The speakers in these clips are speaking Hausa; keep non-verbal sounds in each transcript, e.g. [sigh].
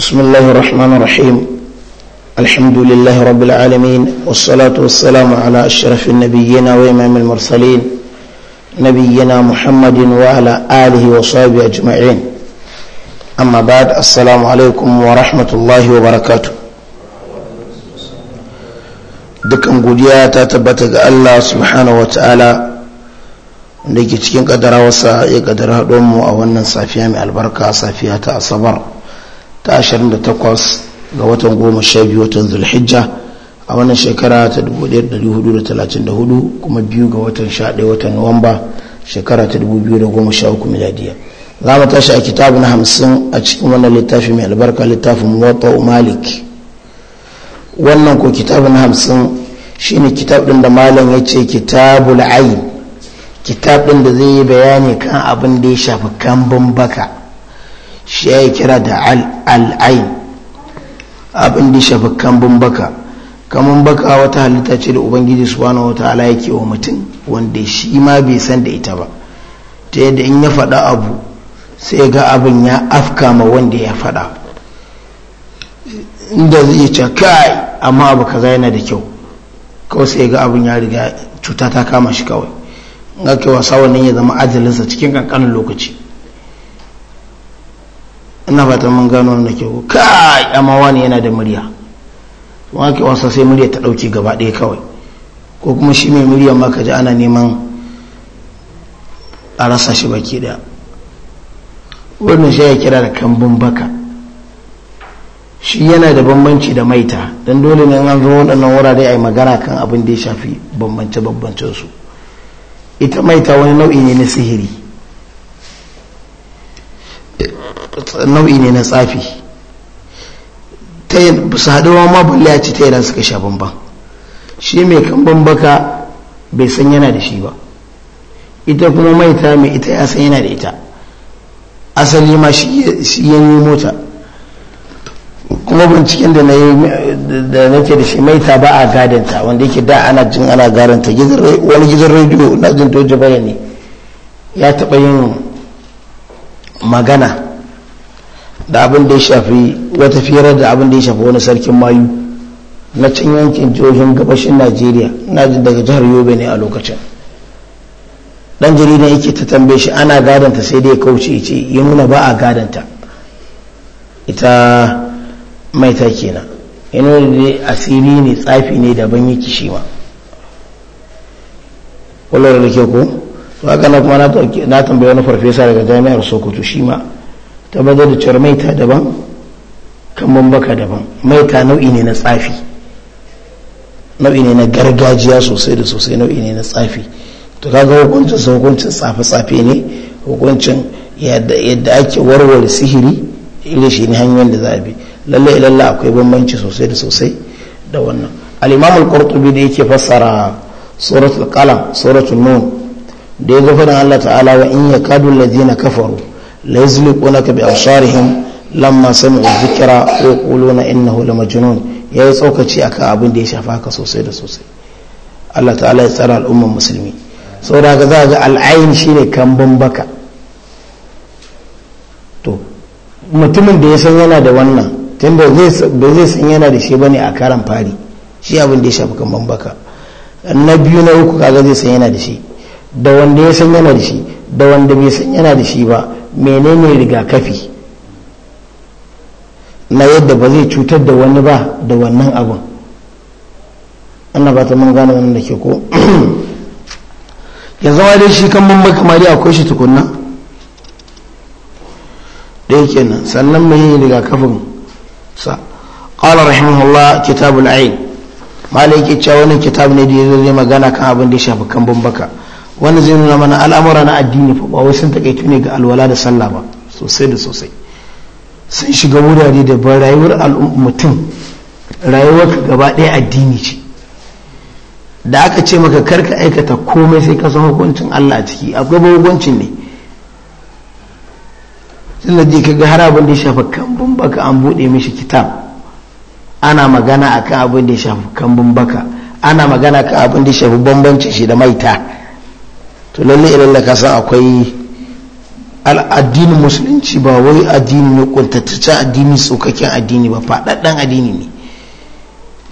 بسم الله الرحمن الرحيم الحمد لله رب العالمين والصلاة والسلام على أشرف النبيين وإمام المرسلين نبينا محمد وعلى آله وصحبه أجمعين أما بعد السلام عليكم ورحمة الله وبركاته dukkan godiya ta tabbata ga Allah subhanahu wa ta'ala da ke cikin kadarawarsa ya kadar haɗonmu a wannan safiya mai albarka safiya ta asabar ta 28 ga watan goma sha biyu watan zulhijja a wannan shekara ta 1434 kuma biyu ga watan sha ɗaya watan nuwamba shekara ta 2013 miladiya za mu tashi a kitabu na hamsin a cikin wannan littafi mai albarka littafin muwatta malik wannan ko kitabu na hamsin shine kitab ɗin da malam ya ce kitabul ayin kitab ɗin da zai yi bayani kan abin da ya shafi kambun baka shi ya kira da al'ain abin da shafi kambun baka kambun baka wata halitta ce da ubangiji subhanahu wata ala yake wa mutum wanda shi ma bai san da ita ba ta yadda in ya faɗa abu sai ga abin ya afka ma wanda ya faɗa inda zai ce kai amma abu ka zai yana da kyau kawai sai ga abin ya riga cuta ta kama shi kawai ga kewa sawanin ya zama ajalinsa cikin kankanin lokaci ina fatan mun gano wannan ke kai amma wani yana da murya kuma ke wasa sai murya ta dauke gaba ɗaya kawai ko kuma shi mai murya ma ka ji ana neman a rasa shi baki daya wannan shi ya kira da kambun baka shi yana da bambanci da maita don dole ne an zo waɗannan wurare a yi magana kan abin da ya shafi bambance bambancen su ita maita wani nau'i ne na sihiri nau'i ne na tsafi su wa ma balla ya ce ta yana suka sha bamban shi mai kan baka bai san yana da shi ba ita kuma maita mai ita ya san yana da ita asali ma shi ya yi mota kuma binciken da da nake da shi maita ba a gadanta wanda yake da ana jin ana garanta wani gidan rediyo na jin doji bayani ya taɓa yin magana da abin da ya shafi wata firar da abin da ya shafi wani sarkin mayu na cin yankin jihohin gabashin najeriya na daga jihar yobe ne a lokacin dan jarida yake ta tambaye shi ana gadanta sai dai kauce ce ya nuna ba a gadanta ita mai ta kenan yana da dai asiri ne tsafi ne daban yake shi ma kullum da ke ku to haka na kuma na tambaye wani farfesa daga jami'ar sokoto shi ma ta bazo maita daban kan baka daban maita nau'i ne na tsafi nau'i ne na gargajiya sosai da sosai nau'i ne na tsafi to kaga hukuncin sa hukuncin tsafe-tsafe ne hukuncin yadda ake warware sihiri ila shi ne hanyar da za a bi lalle akwai bambanci sosai da sosai da wannan al al-qurtubi da yake fassara suratul qalam suratul nun da ya ga faɗin Allah ta'ala wa in yakadu allazina kafaru la yuzliqunaka bi absarihim lamma sami'u dhikra wa yaquluna innahu lamajnun yayi tsokaci akan abin da ya shafa ka sosai da sosai Allah ta'ala ya tsara al'ummar musulmi da ga za ga shi shine kamban baka to mutumin da ya san yana da wannan tun da zai san yana da shi bane a karan fari shi abin da ya shafi kamban baka na biyu na uku kaga zai san yana da shi da wanda ya san yana da shi da wanda bai san yana da shi ba menene rigakafi na yadda ba zai cutar da wani ba da wannan abu ana ba ta mun gane wannan da ke ko [clears throat] yanzu wa dai shi kan mun makamari akwai shi tukunna da yake nan sannan mai yin rigakafin sa qala rahimahullah kitabul ain malai ke cewa wannan kitab ne da ya zai magana kan abin da ya shafi kan bambaka wanda zai nuna mana al'amura na addini fa ba wai sun takaitu ne ga alwala da sallah ba sosai da sosai sun shiga wurare da ban rayuwar mutum rayuwar gaba ɗaya addini ce da aka ce maka karka aikata komai sai ka san hukuncin Allah a ciki akwai hukuncin ne sun da ka ga har abin da ya shafi kambun baka an buɗe mishi kitab ana magana akan abin da ya shafi kambun baka ana magana kan abin da ya shafi bambancin shi da maita to lalle idan da kasa akwai al'addinin musulunci ba wai addini ne kuntataccen addini tsokakken addini ba faɗaɗɗen addini ne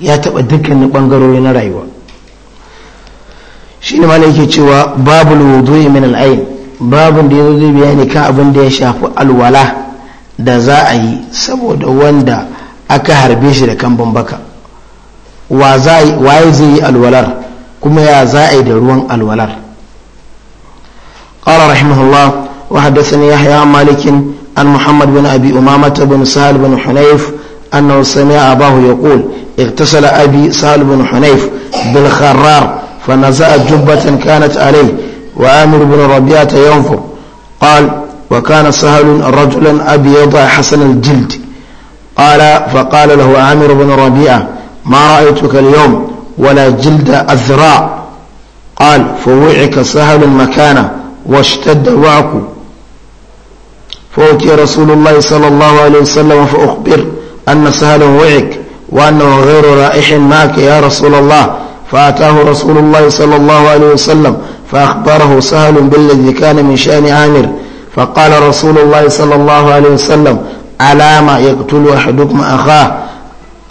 ya taɓa dukkanin ɓangarori na rayuwa shi ne mana yake cewa babu ya min al'ayin babu da ya zo zai bayani kan abin da ya shafi alwala da za a yi saboda wanda aka harbe shi da kan bambaka waye zai yi alwalar kuma ya za a yi da ruwan alwalar قال رحمه الله وحدثني يحيى عن مالك عن محمد بن أبي أمامة بن سهل بن حنيف أنه سمع أباه يقول اغتسل أبي سهل بن حنيف بالخرار فنزع جبة كانت عليه وآمر بن ربيعة ينفر قال وكان سهل رجلا أبيض حسن الجلد قال فقال له عامر بن ربيعة ما رأيتك اليوم ولا جلد أذراء قال فوعك سهل مكانه واشتد معكم فأتي رسول الله صلى الله عليه وسلم فأخبر أن سهل وعك وأنه غير رائح معك يا رسول الله فأتاه رسول الله صلى الله عليه وسلم فأخبره سهل بالذي كان من شأن عامر فقال رسول الله صلى الله عليه وسلم ألا ما يقتل أحدكم أخاه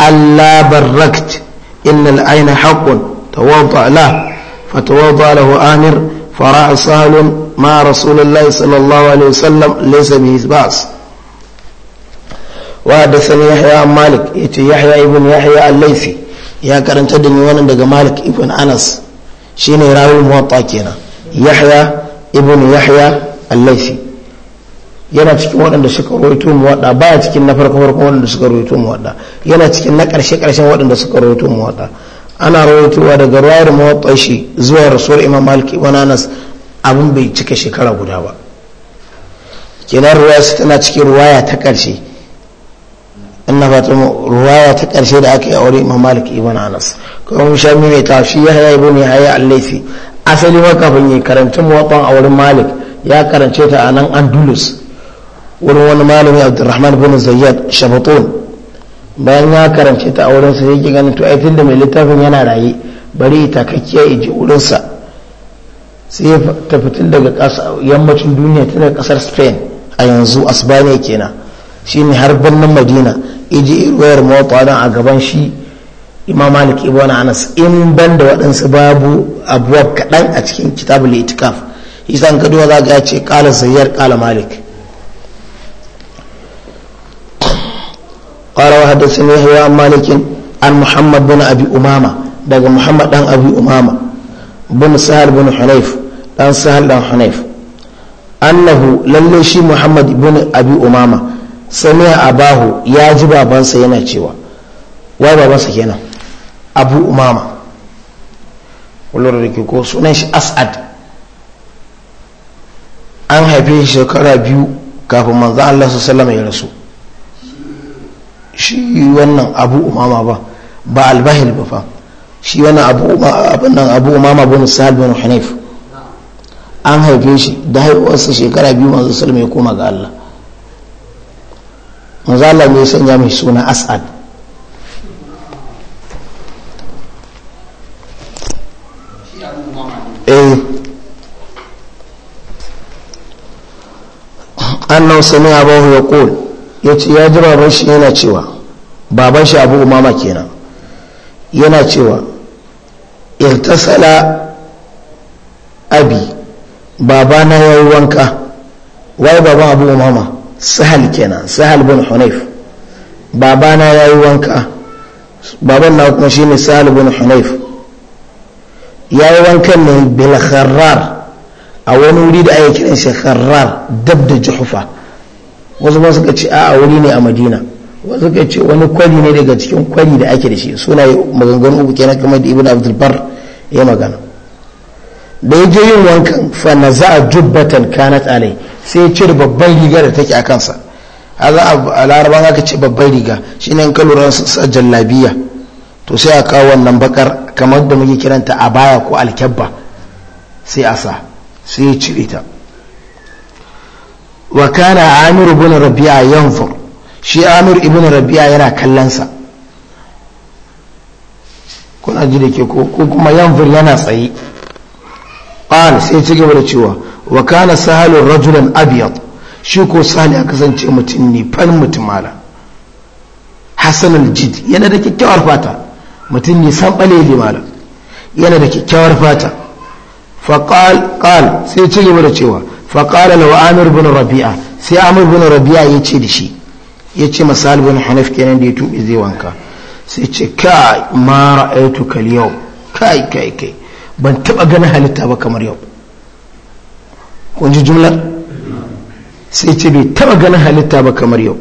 ألا بركت إن العين حق توضأ له فتوضأ له آمر فرأى سهل ما رسول الله صلى الله عليه وسلم ليس به باس وحدثني يحيى عن مالك يتي يحيى ابن يحيى الليثي يا كرنت دني وانا دغ مالك ابن انس شيني راوي الموطا كينا يحيى ابن يحيى الليثي yana cikin waɗanda suka rawaito ba baya cikin na farko farko waɗanda suka rawaito muwadda yana cikin na ƙarshe ƙarshen waɗanda suka rawaito muwadda ana rawaitowa daga ruwayar muwatta shi zuwa rasul imam malik ibn anas abin bai cika shekara guda ba kenan ruwaya su tana cikin ruwaya ta ƙarshe ina fata ruwaya ta ƙarshe da aka yi aure imam malik ibn anas kuma mun sha mai ta shi ya haya ibn haya yi asali ma kafin yi karantun muwaqqan a wurin malik ya karance ta a nan andulus wurin wani malami abdurrahman bin zayyad shabatun bayan ya karance ta a wurin sa yake ganin to ai tunda mai littafin yana raye bari ta kakkiya iji wurin sa sai ya tafi tun daga yammacin duniya ta daga kasar spain a yanzu a asbaniya kenan shine har birnin madina iji ruwayar mawata a gaban shi imam malik ibn anas in ban da waɗansu babu abuwa kaɗan a cikin kitabul itikaf isan kaduwa za ga ce kala sayyar kala malik قال وحدثني malikin malikin an muhammad bin abi umama daga muhammad dan abi umama bin sahal bin hunayf dan sahal dan hunayf annahu lalle shi muhammad bin abi umama sami'a abahu ya ji babansa yana cewa wa babansa kenan abu umama kullum da ko sunan shi as'ad an haife shi shekara biyu kafin manzo Allah su sallama ya rasu shi wannan abu umama ba ba albahil ba fa shi wani abu nan abu mama bin sa'ad bin hanif an haife shi da haihuwarsa shekara biyu manzo salama ya koma ga Allah manzo Allah ne ya sanya mai suna as'ad eh annan sami abu ya kul ya ce ya ji baban shi yana cewa baban shi abu umama kenan yana cewa irtasala abi babana ya yi wanka wai baban abu umama sahal kenan sahal bin hunayf babana ya yi wanka baban na kuma shine sahal bin hunayf ya yi wankan ne bil a wani wuri da ake kiran shi dab da juhufa wasu ba suka ce a wuri ne a madina wasu ka ce wani kwari ne daga cikin kwari da ake da shi suna maganganu uku kenan kamar da ibn abdulbar ya magana da ya je yin wankan fa na za a jubbatan kanat alai sai ya cire babban riga da take a kansa a za a laraba za ka ce babban riga shi ne ka su sa jallabiya to sai a kawo wannan bakar kamar da muke kiranta a baya ko alkyabba sai a sa sai ya cire ta wa kana amiru bin rabi'a yanfur shi amir ibn rabi'a yana kallonsa kuna ji da ke ko kuma yanfur yana tsaye qal sai ci gaba da cewa wa kana sahalun rajulan abyad shi ko sahal a kasance mutum ne fan ala, hasan aljid yana da kyakkyawar fata mutum ne san bale limala yana da kyakkyawar fata Faƙal qal sai ci gaba da cewa faqala wa amir ibn rabi'a sai amir ibn rabi'a ya ce da shi ya ce masalibin bin hanif kenan da ya tuɓe zai wanka sai ce kai ma ra'aitu kal yau kai kai kai ban taɓa ganin halitta ba kamar yau kun ji jumlar sai ce bai taɓa ganin halitta ba kamar yau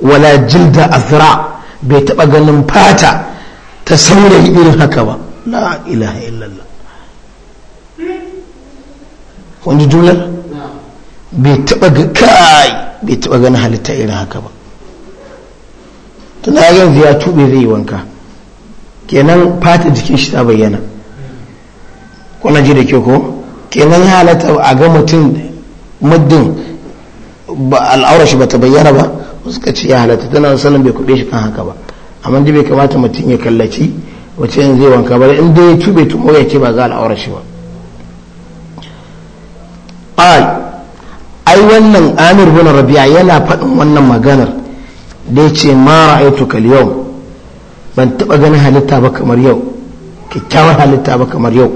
wala jilda azra bai taɓa ganin fata ta saurayi irin haka ba la ilaha illallah kun ji jumlar bai taɓa ga kai bai taɓa ganin halitta irin haka ba tuna yanzu ya tube zai yi wanka kenan fata jikin shi ta bayyana kuna ji da ke ko kenan ya halatta a ga mutum muddin al'aura shi bata bayyana ba suka ce ya halatta tana sanin bai kuɗe shi kan haka ba amma dai bai kamata mutum ya kallaci wace yanzu zai wanka ba in dai ya tube tumo ya ce ba za al'aura shi ba ai wannan amir bin rabi'a yana faɗin wannan maganar da ya ce ma ra'aitu kal yau ban taɓa ganin halitta ba kamar yau kyakkyawar halitta ba kamar yau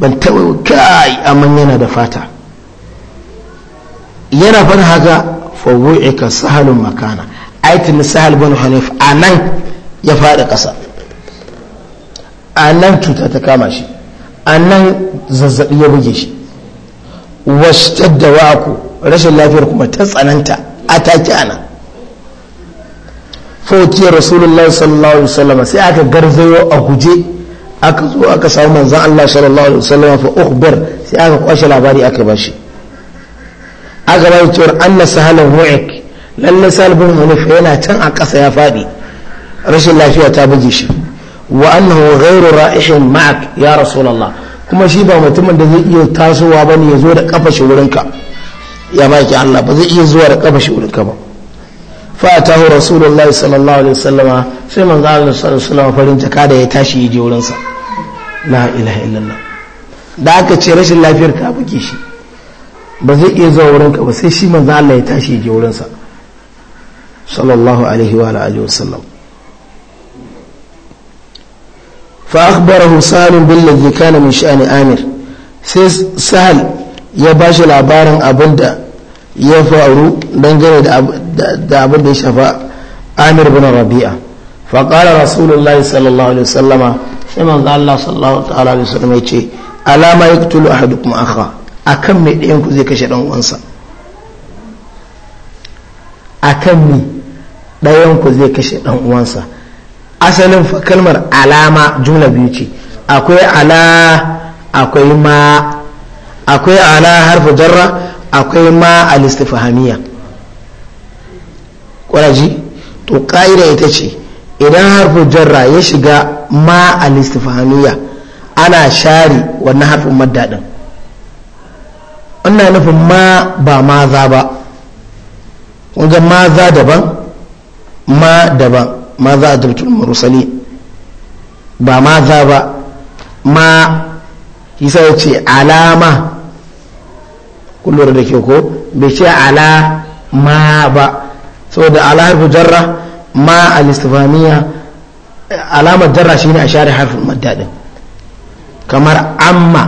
ban taɓa kai amma yana da fata yana fara haka ka sahalun makana aitin sahal bin hanif a nan ya faɗa kasa a nan cuta ta kama shi a nan zazzabi ya buge shi wasu da ku rashin lafiyar kuma ta tsananta a take a nan fautiyar rasulullahi sallallahu alaihi wasallam sai aka garzayo a guje aka zo aka samu manzon Allah sallallahu alaihi wasallam fa ukhbar sai aka kwashe labari aka bashi aka bashi cewa anna sahalan hu'ik lalle salbun hunuf yana can a ƙasa ya faɗi rashin lafiya ta buge shi wa annahu ghairu ra'ihin ma'ak ya rasulullah kuma shi ba mutumin da zai iya tasowa bane ya zo da kafa shi wurinka ya baki Allah ba zai iya zuwa da kafa shi wurinka ba fa tahu rasulullahi sallallahu alaihi wasallama sai manzo Allah sallallahu alaihi wasallama farin jaka da ya tashi yaje wurin sa la ilaha illallah da aka ce rashin lafiyar ka buke shi ba zai iya zuwa wurin ka ba sai shi manzo Allah ya tashi yaje wurin sa sallallahu alaihi wa alihi wasallam fa akhbarahu salim bil ladhi kana min sha'ni amir sai sahal ya bashi labarin abinda ya faru dangane da abin da ya shafa amir bin rabi'a faƙara rasulullahi sallallahu alaihi wasallama sai manzo Allah sallallahu ta'ala alaihi wasallama yace alama yaqtulu ahadukum akha akan me ɗayan ku zai kashe dan uwansa akan me ɗayan ku zai kashe dan uwansa asalin kalmar alama jumla biyu ce akwai ala akwai ma akwai ala harfu jarra akwai ma alistifahamiya ƙwaraji to ƙa'ida ita ce idan harfin jarra ya shiga ma alistifahamiya ana share wannan harfin maddaɗin wannan nufin ma ba maza ba kunga maza daban ma daban maza a dabtul marusali ba maza ba ma yi ya ce alama kun lura da ke ko bai ce ala ma ba saboda ala harfu jarra ma al-istifhamiya alamar jarra shine a share harfin madda kamar amma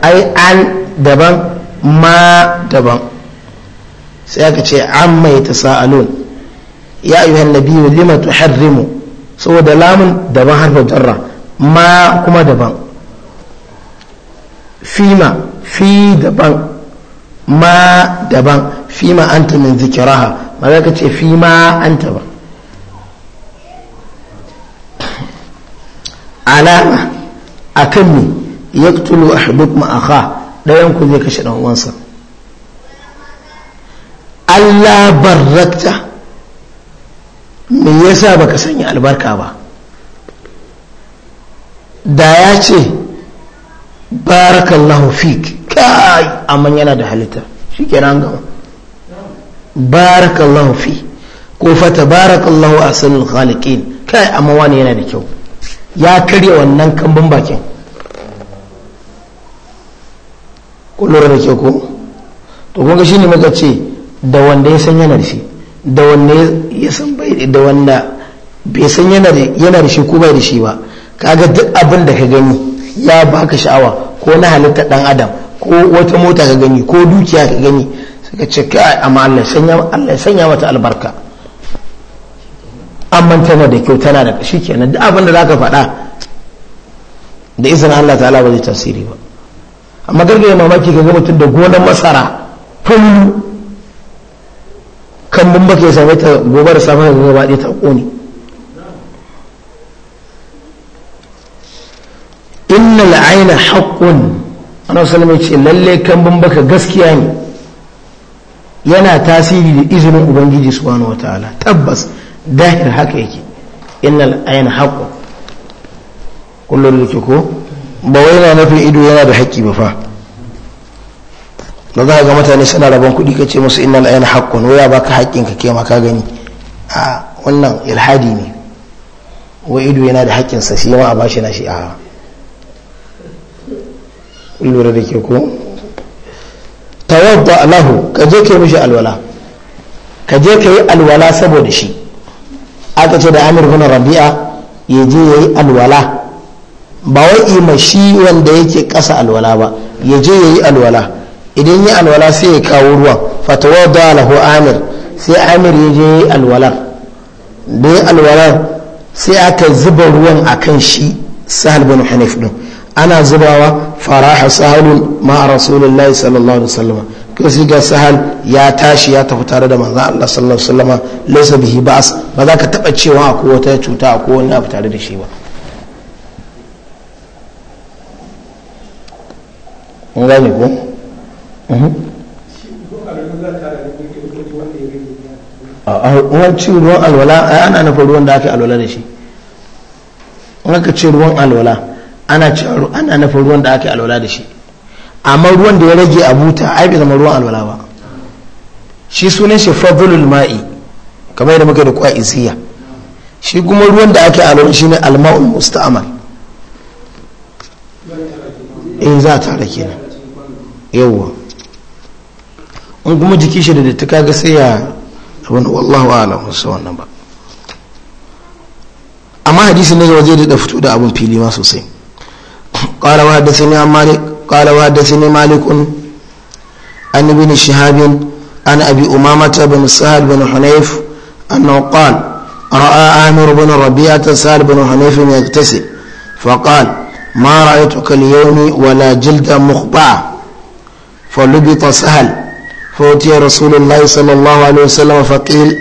ai an daban ma daban sai aka ce amma ya tasa'alun ya yi ayyuha biyu lima tuharrimu saboda lamun daban harfin jarra ma kuma daban fima fi daban ma daban fi ma anta min zikiraha ba za ka ce fi ma anta ba alama a kan ne ya tulu a habib ma'aka ɗayan ku zai kashe ɗan Allah barrakta me yasa baka sanya albarka ba da ya ce barakallahu fik kai amma yana da halitta shi ke nan gama barakallahu fi ko fata barakallahu a sanin khaliqin kai amma wani yana da kyau ya karya wannan kambun bakin ku da kyau ko to kuma shi ne muka ce da wanda ya san yana da shi da wanda ya san bai da wanda bai san yana da shi ko bai da shi ba kaga duk abin da ka gani ya baka sha'awa ko na halitta dan adam ko wata mota ka gani ko dukiya ka gani suka ce kai amma Allah Allah sanya mata albarka amma tana da kyau tana da shi kenan duk abin da zaka faɗa da izina Allah ta'ala ba zai tasiri ba amma gargaye mamaki ka ga mutum da gonar masara fullu kan mun baka same ta gobe da safe ga gaba ta kone innal aina haqqun ana salama ce lalle kambun baka gaskiya ne yana tasiri da izinin ubangiji subhanahu wataala tabbas dahir haka yake innal ayna haqqu kullum da ko ba wai na nufin ido yana da haƙƙi ba fa na za ga mutane suna rabon kuɗi ka ce musu innal ayna haqqun waya baka haƙƙin ka ke ma ka gani a wannan ilhadi ne wai ido yana da sa shi ma a bashi na shi a lura da ke ko tawadda lahu ka je ka mishi alwala ka je ka yi alwala saboda shi aka ce da amir bin rabi'a ya je ya yi alwala ba wai ima shi wanda yake kasa alwala ba ya je ya yi alwala idan ya alwala sai ya kawo ruwan fatawadda lahu amir sai amir ya je ya yi alwalar da ya alwalar sai aka zuba ruwan a kan shi sahal bin hanif ɗin. ana zubawa faraha sahalun ma rasulullahi sallallahu alaihi wasallam kai ga sahal ya tashi ya tafi tare da manzo Allah sallallahu alaihi wasallam laysa bihi ba'as ba za ka taba cewa akwai wata cuta akwai wani abu tare da shi ba mun gane ko mhm. a wancin ruwan alwala ana nufin ruwan da aka alwala da shi ce ruwan alwala ana cewa ana nufin ruwan da aka yi alwala da shi amma ruwan da ya rage a buta ai bai zama ruwan alwala ba shi sunan shi fadlul ma'i kamar yadda muka da kuwa isiya shi kuma ruwan da aka yi alwala ne alma'ul musta'mal in eh, za ta rake ne yawwa in kuma jiki shi da dattaka kaga sai ya wani wallahu a'lam wasu wannan ba amma hadisi ne waje da fito da abun fili ma sosai قال وحدثني عن مالك قال وحدثني مالك عن ابن شهاب عن أبي أمامة بن سهل بن حنيف أنه قال رأى عامر بن ربيعة سهل بن حنيف يغتسل فقال ما رأيتك اليوم ولا جلد مخبع فلبط سهل فأتي رسول الله صلى الله عليه وسلم فقيل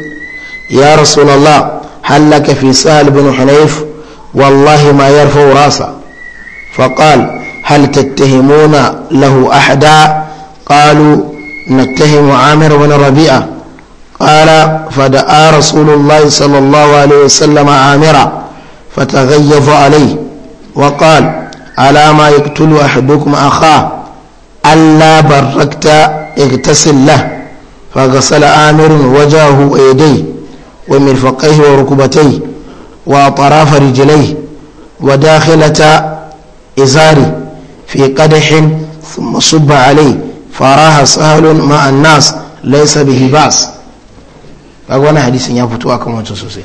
يا رسول الله هل لك في سهل بن حنيف والله ما يرفع راسه فقال هل تتهمون له أحدا قالوا نتهم عامر بن ربيعة قال فدعا رسول الله صلى الله عليه وسلم عامرا فتغيظ عليه وقال على ما يقتل أحدكم أخاه ألا بركت اغتسل له فغسل آمر وجهه ويديه ومرفقيه وركبتيه وأطراف رجليه وداخلة إزاري في قدح ثم صب عليه فراها سهل مع الناس ليس به بأس أقول حديث يفتوى كما تسوسي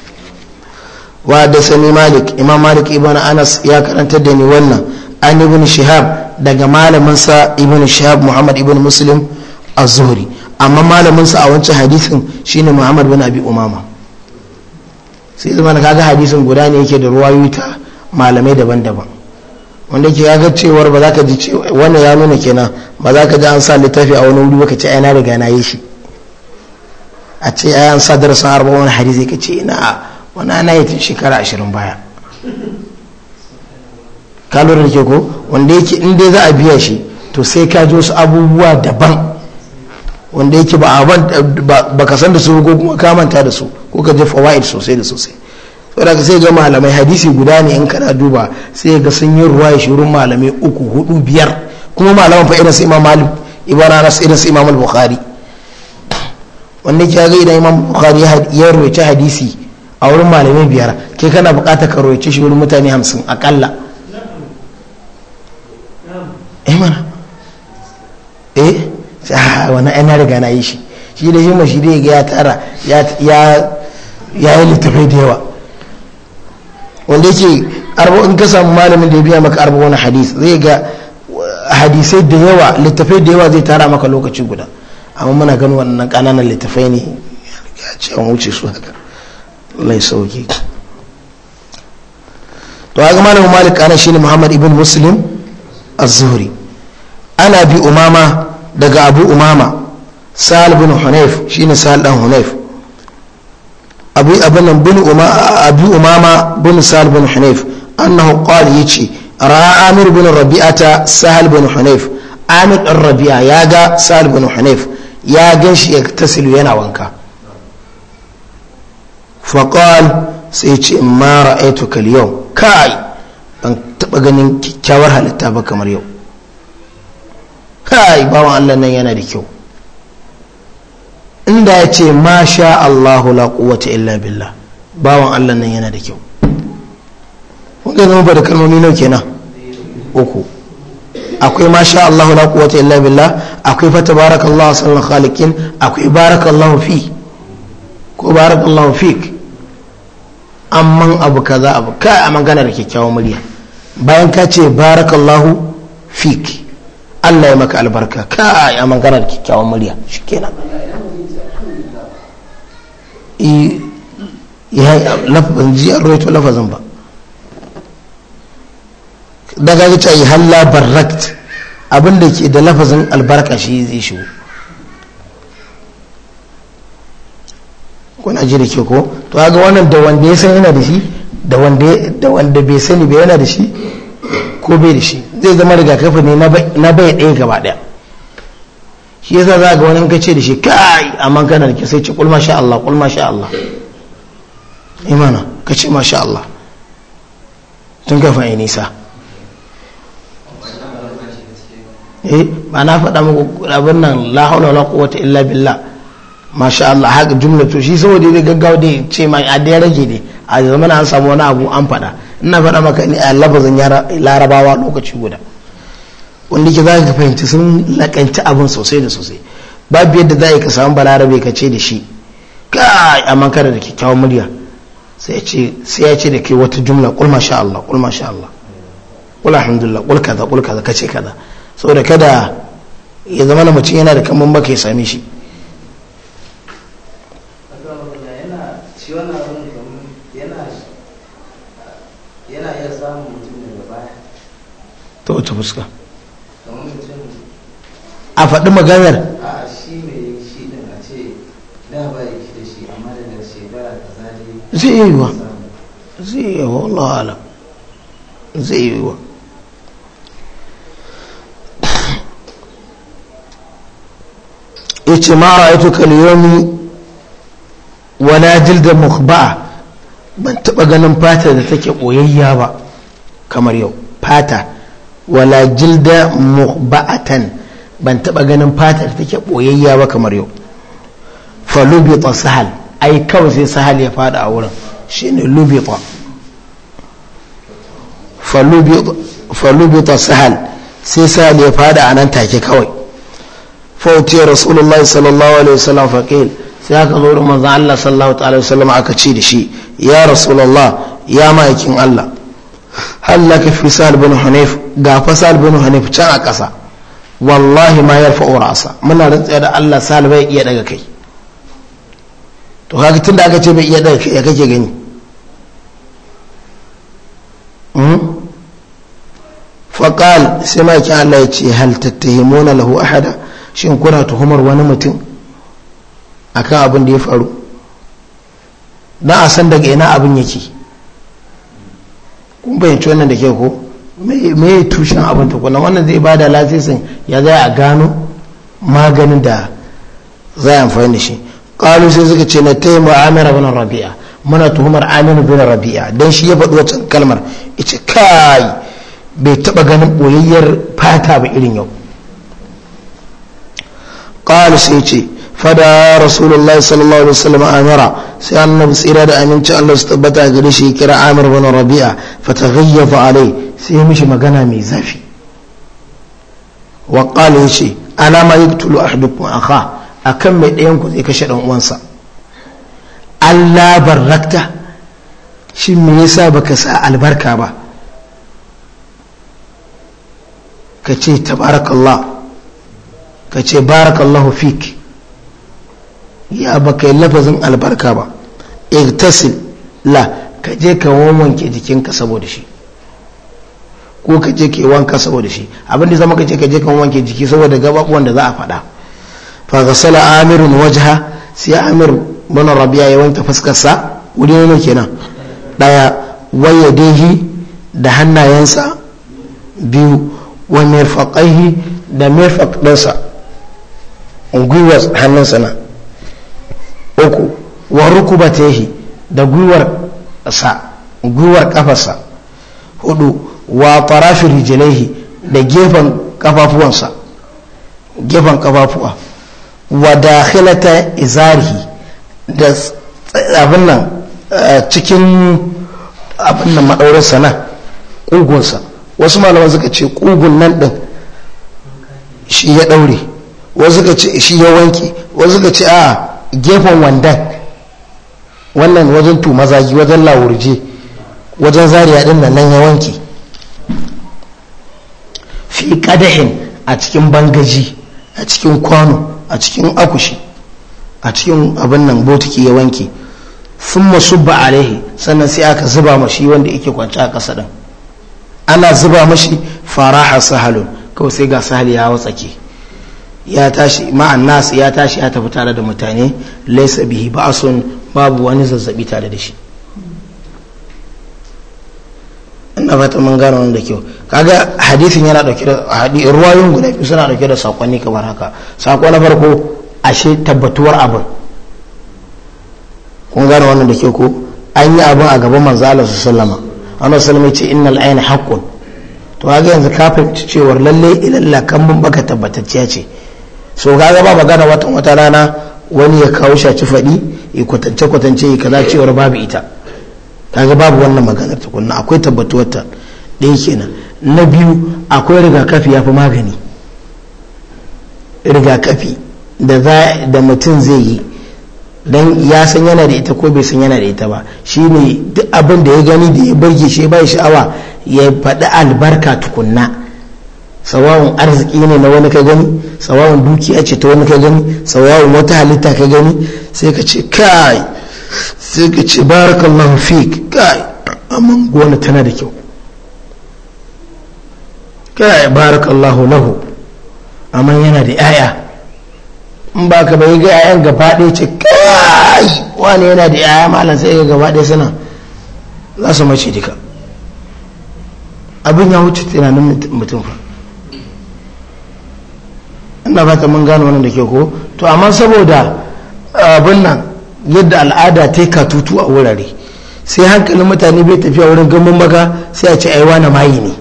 وحدثني مالك إمام مالك ابن أنس يا كان تدني ونا أن ابن شهاب daga malaminsa ibn shahab muhammad ibn muslim a zuhri amma malaminsa a wancan hadisin shine muhammad bin abi umama sai zama kaga hadisin guda ne yake da ruwayoyi ta malamai daban-daban wanda ke ga cewar ba za ka ji ya nuna kenan ba za ka ji an sa littafi a wani wuri ba ka ce ai na riga na yi shi a ce ai an sa darasin arba wani hari zai ka ce ina wani ana yi shekara ashirin baya ka lura da ke ko wanda yake in dai za a biya shi to sai ka ji wasu abubuwa daban wanda yake ba ka san da su ko kuma ka manta da su ko ka ji fawaid sosai da sosai saboda ka sai ga malamai hadisi guda ne in kana duba sai ga sun yi ruwa shirin malamai uku hudu biyar kuma malaman fa irin su imam malik ibn anas irin su imam al-bukhari wanda ke ga idan imam bukhari ya rawaita hadisi a wurin malamai biyar ke kana bukata ka rawaita shi wurin mutane hamsin akalla eh mana eh ah, wani ana riga na yi shi shi da shi mashi da ya tara ya ya yi littafai da yawa wanda yake in ka samu malamin da ya biya maka wani hadis zai ga hadisai da yawa littafai da yawa zai tara maka lokaci guda amma muna gani wannan kananan littafai ne ya ce an wuce su haka lai sauki to ga malamin malik shi ne muhammad ibn muslim az-zuhri ana bi umama daga abu umama sal bin hunayf ne sal dan hunayf abu abinan bin abi umama bin sahal bin hunayf annahu qala yace ra'a amir bin rabi'ata sahal bin hunayf amir dan rabi'a ya ga sahal bin hunayf ya ganshi shi ya tasilu yana wanka faqal sai ce ma ra'aytuka al yau, kai ban taɓa ganin kyakkyawar halitta ba kamar yau kai bawan Allah nan yana da kyau inda ya ce ma sha Allahu la quwwata illa billah bawan Allah nan yana da kyau wanda ga zama da kalmomi nau kenan uku akwai ma sha Allahu la quwwata illa billah akwai fa tabarakallahu sallan khaliqin akwai barakallahu fi ko barakallahu fik amman abu kaza abu kai a magana da kyakkyawan murya bayan ka ce barakallahu fik Allah ya maka albarka kai a magana da kyakkyawan murya shikenan E, ban ji an roito lafazin ba daga ya ce halla barrakt abinda ke da lafazin albarka shi zai shigo kuna ji da ke ko to ga wannan da wanda ya san yana da shi da wanda bai sani bai yana da shi ko bai da shi zai zama rigakafi ne na bai ɗaya gaba ɗaya shi yasa za ga wani kace da shi kai amma kana da sai ce kulma sha Allah kulma sha Allah imana ka ma sha Allah tun kafa yi nisa eh ba na faɗa muku abin nan la haula wala quwwata illa billah masha Allah haka jumla to shi saboda dai gaggawa dai ce mai a da rage ne a zamanin an samu wani abu an faɗa ina faɗa maka ni a lafazin larabawa lokaci guda wanda ke za ka fahimci sun lakanci abin sosai da sosai babu yadda za a yi ka samu balarabe ka ce da shi kai a kada da kyakkyawan murya sai ya ce da ke wata jumla kul masha Allah kul masha Allah kul alhamdulillah kul kaza kul kaza kace kaza saboda kada ya zama na mutum yana da kaman baka ya same shi ta wata fuska a faɗi maganar zai iya yiwa zai yi wa wallahu zai yi wa. yace ma ra'aytu kal yawmi wala jilda mukhba'a ban taɓa ganin fata da take ɓoyayya ba kamar yau fata wala jilda mukhba'atan ban taba ganin fatar take boyayya ba kamar yau Fa lubita sahal ai kawai sai sahal ya fada a wurin shine lubita Fa lubita sahal sai sahal ya fada a nan take kawai fautiyar rasulullahi sallallahu alaihi wasallam faqil sai aka zo da manzon Allah sallallahu alaihi wasallam aka ci da shi ya rasulullah ya ma'aikin Allah hallaka fi sahal bin hanif ga fa bin hanif can a ƙasa wallahi ma yarfa'u ra'sa muna rantsuwa da Allah sal ya iya daga kai to kaga tunda aka ce bai iya daga kai ya kake gani hmm? faƙal sai ma ki Allah ya ce hal tattahimuna lahu ahada shin kuna tuhumar wani mutum akan abin da ya faru na a san daga ina abin yake kun bayanci wannan da ke ko me tushen abin tukuna wannan zai ba da lasisin ya zai a gano maganin da za amfani da shi ƙalu sai suka ce na taimu amir abin rabi'a muna tuhumar amir bin rabi'a don shi ya faɗi wacce kalmar ita kai bai taɓa ganin ɓoyayyar fata ba irin yau ƙalu sai ce fada rasulullahi sallallahu alaihi wasallam amira sai annabi tsira da aminci Allah su tabbata gare shi kira amir bin rabi'a fa taghayyafa alai sai ya mishi magana mai zafi wa ya yace alama yaqtulu aka a kan mai ɗayan ku zai kashe dan uwansa Allah barakta shi me yasa baka sa albarka ba ka ce tabarakallah ka ce barakallahu fik ya baka yi lafazin albarka ba igtasil la ka je ka wanwanke jikinka saboda shi ko ka je ke wanka saboda shi abin da zama ka je ka je kan wanke jiki saboda gababuwan da za a faɗa fa gasala amirun wajha sai amir mana rabiya ya wanke sa wuri ne kenan daya waya dehi da hannayensa biyu wa mirfaqaihi da mirfaq dinsa gwiwar hannunsa na uku wa rukubatehi da gwiwar sa gwiwar kafarsa hudu wa tarafi rijalaihi da gefen kafafuwansa gefen kafafuwa wa dakhilata izarihi da abin nan eh, cikin abin nan maɗaurin sana kugunsa wasu malaman suka ce kugun nan ɗin shi ya ɗaure wasu suka ce shi ya wanke wasu suka ce a gefen wandan wannan wajen mazagi wajen lawurje wajen zariya ɗin nan ya wanke fi kadahin a cikin bangaji a cikin kwano a cikin akushi a cikin abin nan botiki ya wanke thumma subba alaihi sannan sai aka zuba mashi wanda yake kwance a ƙasa ɗin. ana zuba mashi faraha sahalun kawai sai ga sahal ya watsake ya tashi ma'an nasu ya tashi ya tafi tare da mutane laisa bihi ba'asun babu wani zazzabi tare da shi a fatan mun gane wani da kyau kaga hadisin yana dauke da hadi ruwayun guda biyu suna dauke da sakonni kamar haka sako na farko ashe tabbatuwar abin kun gane wannan da kyau ko an yi abin a gaban manzo Allah sallama annabi sallama ya ce innal ayn haqqun to kaga yanzu ka fahimci cewa lalle ilalla kan mun baka tabbatacciya ce so kaga ba magana watan wata rana wani ya kawo shaci faɗi ya kwatance kwatance ya kaza cewar babu ita kaga babu wannan magana tukunna akwai tabbatuwarta ɗaya kenan na biyu akwai rigakafi ya fi magani rigakafi da mutum zai yi don ya san yana da ita ko bai san yana da ita ba shi ne duk abin da ya gani da ya burge shi ba sha'awa ya faɗi albarka tukunna sawawun arziki ne na wani ka gani sawawun dukiya ce ta wani ka gani sawawun wata halitta ka gani sai ka ce kai sai ka ce barakallahu fik kai amman gona tana da kyau kai barakallahu lahu amman yana da yaya in ba ka bai ga yayan gaba ɗaya ce kai wani yana da yaya malam sai ga gaba ɗaya suna za su mace duka abin ya wuce tunanin mutum fa ina fata mun gano wannan da ke ko to amma saboda abin nan yadda al'ada ta yi katutu a wurare sai hankalin mutane bai tafiya wurin gaman baka sai a ce aiwa na mayi ne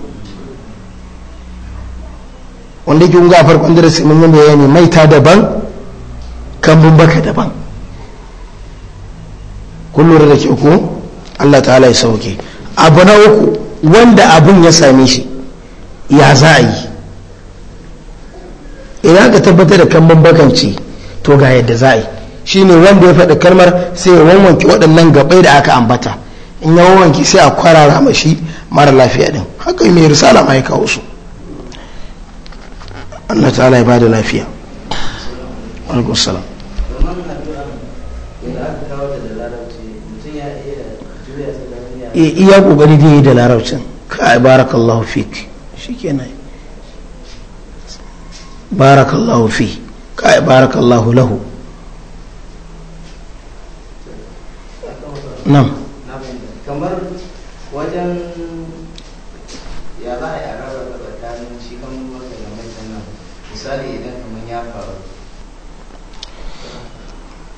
wanda ke a farkon darasi mun yi mai maita daban kambun baka daban kun da ke ko Allah ta'ala ya sauke abu na uku wanda abun ya same shi ya za a yi idan ka tabbatar da kambun bakanci to ga yadda za a yi shine wanda ya faɗi kalmar sai ya wanwanke waɗannan gabai da aka ambata in ya wanwanke sai a kwarara mashi mara lafiya din haka mai risala ma ya kawo su Allah ta'ala ya bada lafiya alaikum salam eh, iya kokari zai yi da larabcin ka barakallahu fik shikenan barakallahu fi ka barakallahu lahu na kamar wajen ya za a yi rarraba tsakanin shi kan wata da mazalamai nan misali idan kamar ya faru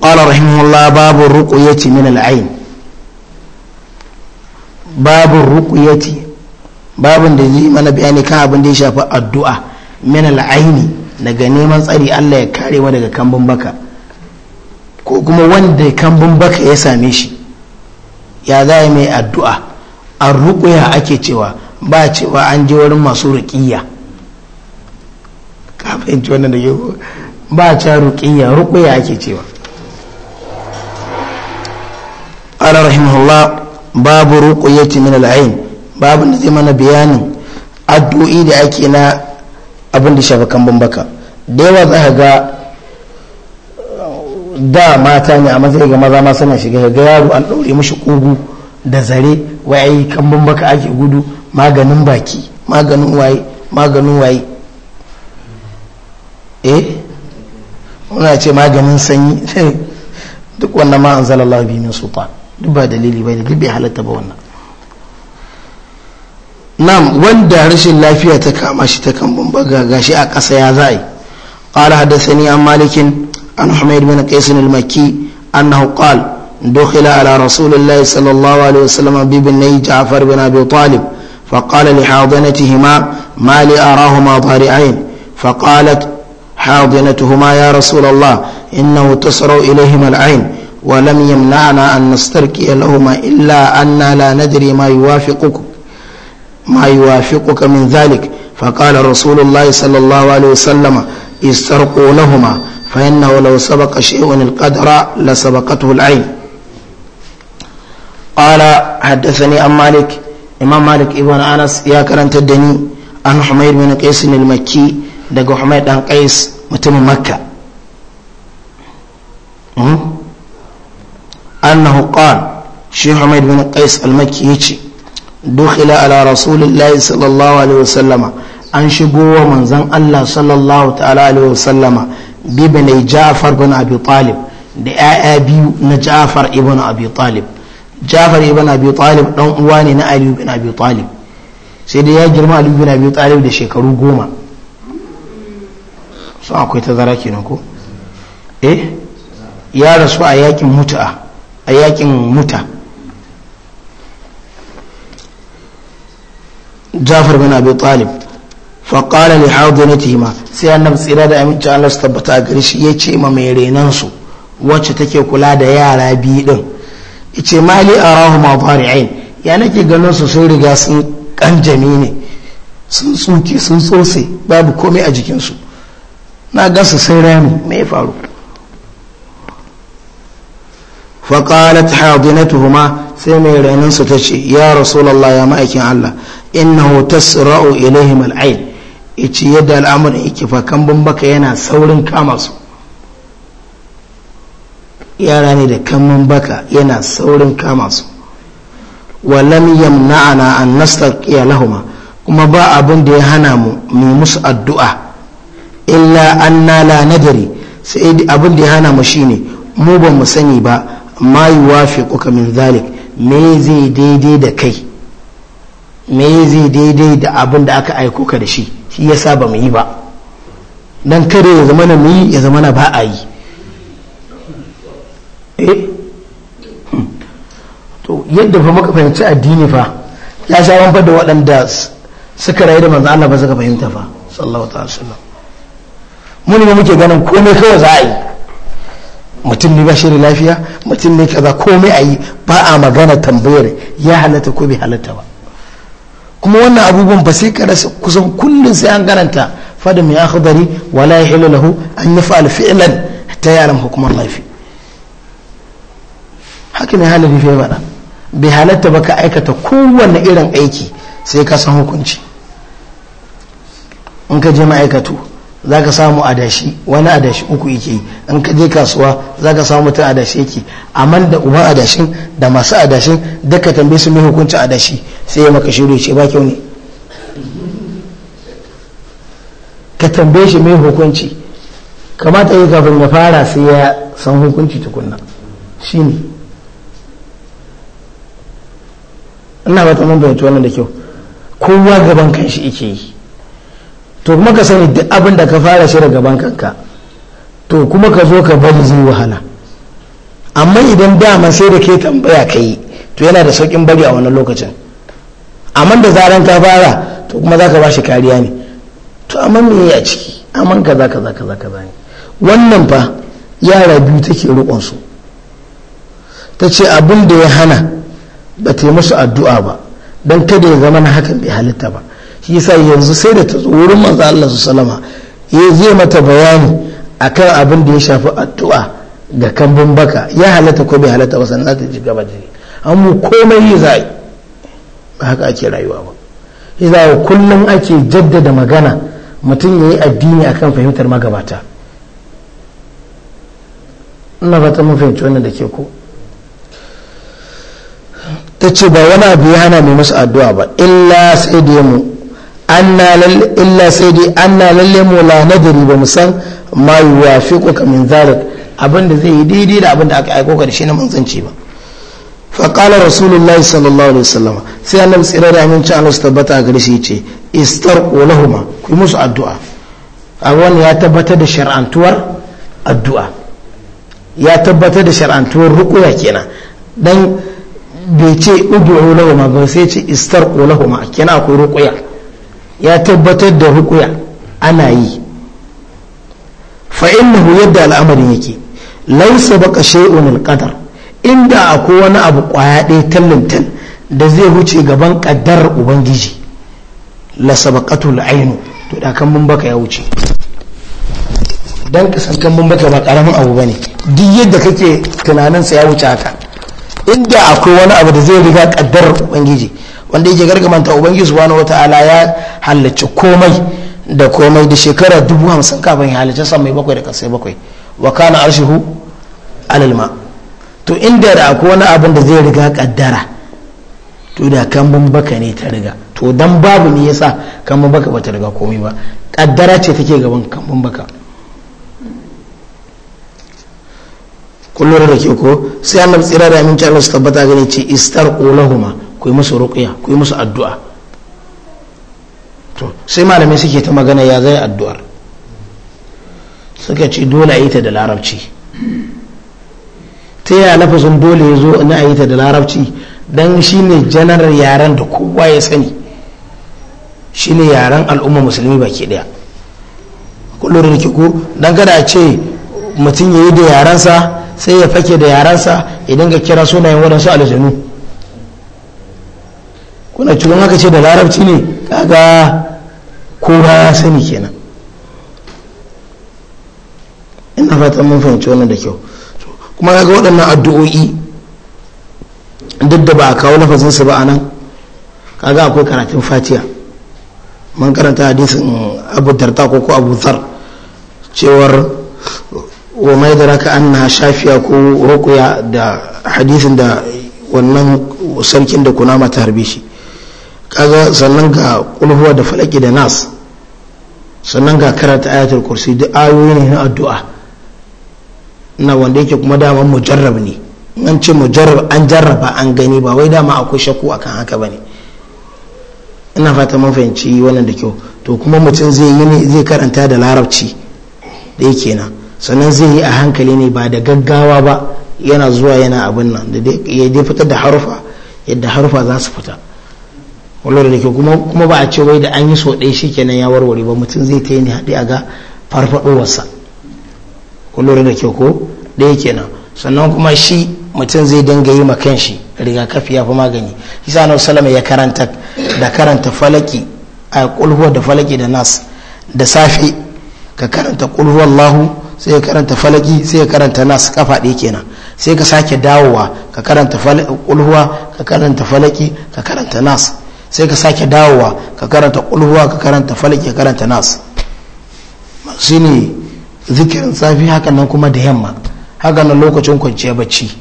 ƙwalar babu ruku قال رحمه الله باب الرقية من العين باب الرقية باب الذي من بيان kan abin da ya shafi addu'a min al'aini daga neman tsari Allah ya kare wa daga kambun baka ko kuma wanda kambun baka ya same shi ya za mai addu'a an ruƙuya ake cewa ba cewa an je wurin masu ruƙiyya ka fahimci wannan da ke ba cewa ruƙiyya ruƙuya ake cewa ala rahimahullah babu ce min al'ain babu da zai mana bayanin addu'i da ake na abin da kan bambaka da yawa za ga da mata ne a matsayi ga maza ma na shiga ga yaro an ɗaure mashi ƙugu da zare waye kambun baka ake gudu maganin baki maganin waye maganin waye eh muna ce maganin sanyi [laughs] duk wannan ma an zala Allah min sultan duk ba dalili ne duk bai halatta ba wannan nam wanda rashin lafiya ta kama shi ta kan bumbaga gashi a ƙasa ya za'i قال حدثني عن مالك عن حميد بن قيس المكي أنه قال دخل على رسول الله صلى الله عليه وسلم ببني جعفر بن أبي طالب فقال لحاضنتهما ما لي أراهما ضارعين فقالت حاضنتهما يا رسول الله إنه تسرع إليهما العين ولم يمنعنا أن نستركي لهما إلا أن لا ندري ما يوافقك ما يوافقك من ذلك فقال رسول الله صلى الله عليه وسلم استرقوا لهما فإنه لو سبق شيء القدر لسبقته العين قال حدثني عن مالك إمام مالك ابن أنس يا كرنت الدني عن حمير بن قيس المكي دق حمير بن قيس متم مكة أنه قال شيخ حمير بن قيس المكي يجي دخل على رسول الله صلى الله عليه وسلم أن شبوه من زن الله صلى الله تعالى عليه وسلم bibinai ja'far ibn abi talib da 'ya'ya biyu na ja'far ibn abi talib ja'far ibn abi talib dan uwa ne na ali ibn abi talib sai dai ya girma ali ibn abi talib da shekaru goma so akwai tazara kenan ko eh ya rasu a yakin muta a yakin muta ja'far ibn abi talib faƙala li adonatihima sai annabi tsira da aminci Allah su tabbata gari shi ya ce ma mai renan su wacce take kula da yara biyu din ice mali arahu ma ain ya nake ganin su sun riga sun kanjami ne sun tsuke sun tsose babu komai a jikinsu na ga su sun rami me ya faru faƙalat hadinatuhuma sai mai renan su ta ce ya rasulallah ya ma'aikin Allah innahu tasra'u ilaihim al'ain ya ce yadda al'amuran yake fakan baka yana saurin kama su yara ne da kamman baka yana saurin kama su walam yamna'ana an nastaqiya lahuma kuma ba abin da ya hana mu mu musu addu'a illa anna la nadari sai abin da ya hana mu shine mu ba mu sani ba ma yuwafiquka min zalik me zai daidai da kai me zai daidai da abin da aka aiko ka da shi shi yasa ba mu yi ba don kada ya zama na mu yi ya zama na ba a yi eh? to yadda fa muka fahimci addini fa ya sha wanfa da waɗanda suka rayu da manzo Allah ba suka fahimta fa sallallahu ta'ala sallam mun ne muke ganin komai kawai za a yi mutum ne ba shi da lafiya mutum ne kaza komai a yi ba a magana tambayar ya halatta ko bai halatta ba kuma wannan abubuwan ba sai ka rasa kusan kullum sai an garanta fadin mai akhdari wala yahilu lahu an yaf'al fi'lan ta yalam hukumar laifi haka ne halin fi bai halatta ba ka aikata kowanne irin aiki sai ka san hukunci in ka je ma'aikatu za ka samu adashi wani adashi uku yake in ka je kasuwa za ka samu mutum adashi yake amma da uba adashin da masu adashin duka tambaye su mai hukuncin adashi sai ya maka shiru ce ba kyau ne ka tambaye shi mai hukunci kamata yi kafin ya fara sai ya san hukunci tukunna shi ne ina ba ta mun bayyanta wannan da kyau kowa gaban kanshi yake yi to kuma ka sani duk abin da ka fara shi daga ka to kuma ka zo ka bari zai wahala amma idan dama sai da ke tambaya ka yi to yana da sauƙin bari a wannan lokacin amma da zaran ka fara to kuma za ka ba shi kariya ne to amma me a ciki amma za kaza kaza kaza ne wannan fa yara biyu take roƙonsu ta ce abin da ya hana ba ta yi musu addu'a ba don kada ya zama na hakan bai halitta ba shi yasa yanzu sai da ta zo wurin manzo Allah salama ya je mata bayani akan abin da ya shafi addu'a da kambun baka ya halatta ko bai halatta ba sannan ta ji gaba jiri an mu komai yi zai ba haka ake rayuwa ba yasa kullum ake jaddada magana mutum ya yi addini akan fahimtar magabata ina ba ta mafi wannan da ke ko ta ce ba wani abu ya hana mai masu addu'a ba illa sai da yamu illa sai dai na lalle mu la nadri ba musan ma kuka min zalik abinda zai yi daidai da abinda aka aiko ka da shi na manzanci ba fa qala sallallahu alaihi wasallam sai annabi tsira da aminci Allah tabbata gare shi yace istarqu lahum ku musu addu'a a wani ya tabbatar da shar'antuwar addu'a ya tabbatar da shar'antuwar rukuya kenan dan bai ce udu'u lahum ba sai ce istarqu lahum kenan akwai rukuya ya tabbatar da rukuya ana yi fa'innahu yadda al'amarin yake laisa baka shay'un alqadar inda akwai wani abu kwaya ɗaya tallintal da zai wuce gaban ƙaddar ubangiji la sabaƙatu ainu to da kan mun baka ya wuce dan kan mun baka ba karamin abu bane duk yadda kake tunanin sa ya wuce haka inda akwai wani abu da zai riga ƙaddar ubangiji wanda yake gargamanta ubangiji subhanahu wata'ala ya halicci komai da komai da shekara dubu hamsin kafin ya halicci mai bakwai da kasai bakwai wa kana arshihu alalma to inda da akwai wani abin da zai riga kaddara to da kambun baka ne ta riga to dan babu ne yasa kambun baka bata riga komai ba kaddara ce take gaban kambun baka kullum da ke ko sai annabi tsira da amincin Allah su tabbata gani ce istar ulahuma ku yi musu ruqya ku yi musu addu'a to sai malamai suke ta magana ya zai addu'ar suka ce dole a yi ta da larabci ta yaya lafazin dole ya zo na a yi ta da larabci don shi ne janar yaren da kowa ya sani shi ne yaren al'umma musulmi baki ɗaya kullum da ke don kada a ce mutum ya yi da yarensa sai ya fake da yarensa idan ga kira sunayen waɗansu aljanu kuna cikin haka ce da larabci ne kaga kowa ya sani kenan ina fatan mun fahimci wannan da kyau kuma kaga waɗannan addu'o'i duk da ba a kawo lafazinsu ba a nan kaga akwai karatun fatiya man karanta hadisin abu darta ko ko abu zar cewar wa mai da raka an shafiya ko rukuya da hadisin da wannan sarkin da kunama ta harbe shi kaga sannan ga kulhuwa da falaki da nas sannan ga karanta ayatul kursi duk ayoyi ne na addu'a na wanda yake kuma daman mujarrab ne an ce mujarrab an jarraba an gani ba wai dama akwai shakku akan haka bane ina fata mun fahimci wannan da kyau to kuma mutum zai yi ne zai karanta da larabci da yake nan sannan zai yi a hankali ne ba da gaggawa ba yana zuwa yana abin nan da ya dai fitar da harufa yadda harufa za su fita wallo da ke kuma ba a ce wai da an yi so ɗaya shikenan ya warware ba mutum zai ta yi ne haɗe a ga farfaɗowarsa wallo da ke ko ɗaya kenan sannan kuma shi mutum zai dinga yi ma shi rigakafi ya fi magani isa na salama ya karanta da karanta falaki a kulhuwa da falaki da nas da safe ka karanta kulhuwa allahu sai ya karanta falaki sai ya karanta nas kafa ɗaya kenan sai ka sake dawowa ka karanta kulhuwa ka karanta falaki ka karanta nas sai ka sake dawowa ka karanta kulhuwa ka karanta falak ka karanta nas ne zikirin safi hakan nan kuma da yamma hakan nan lokacin kwanciya bacci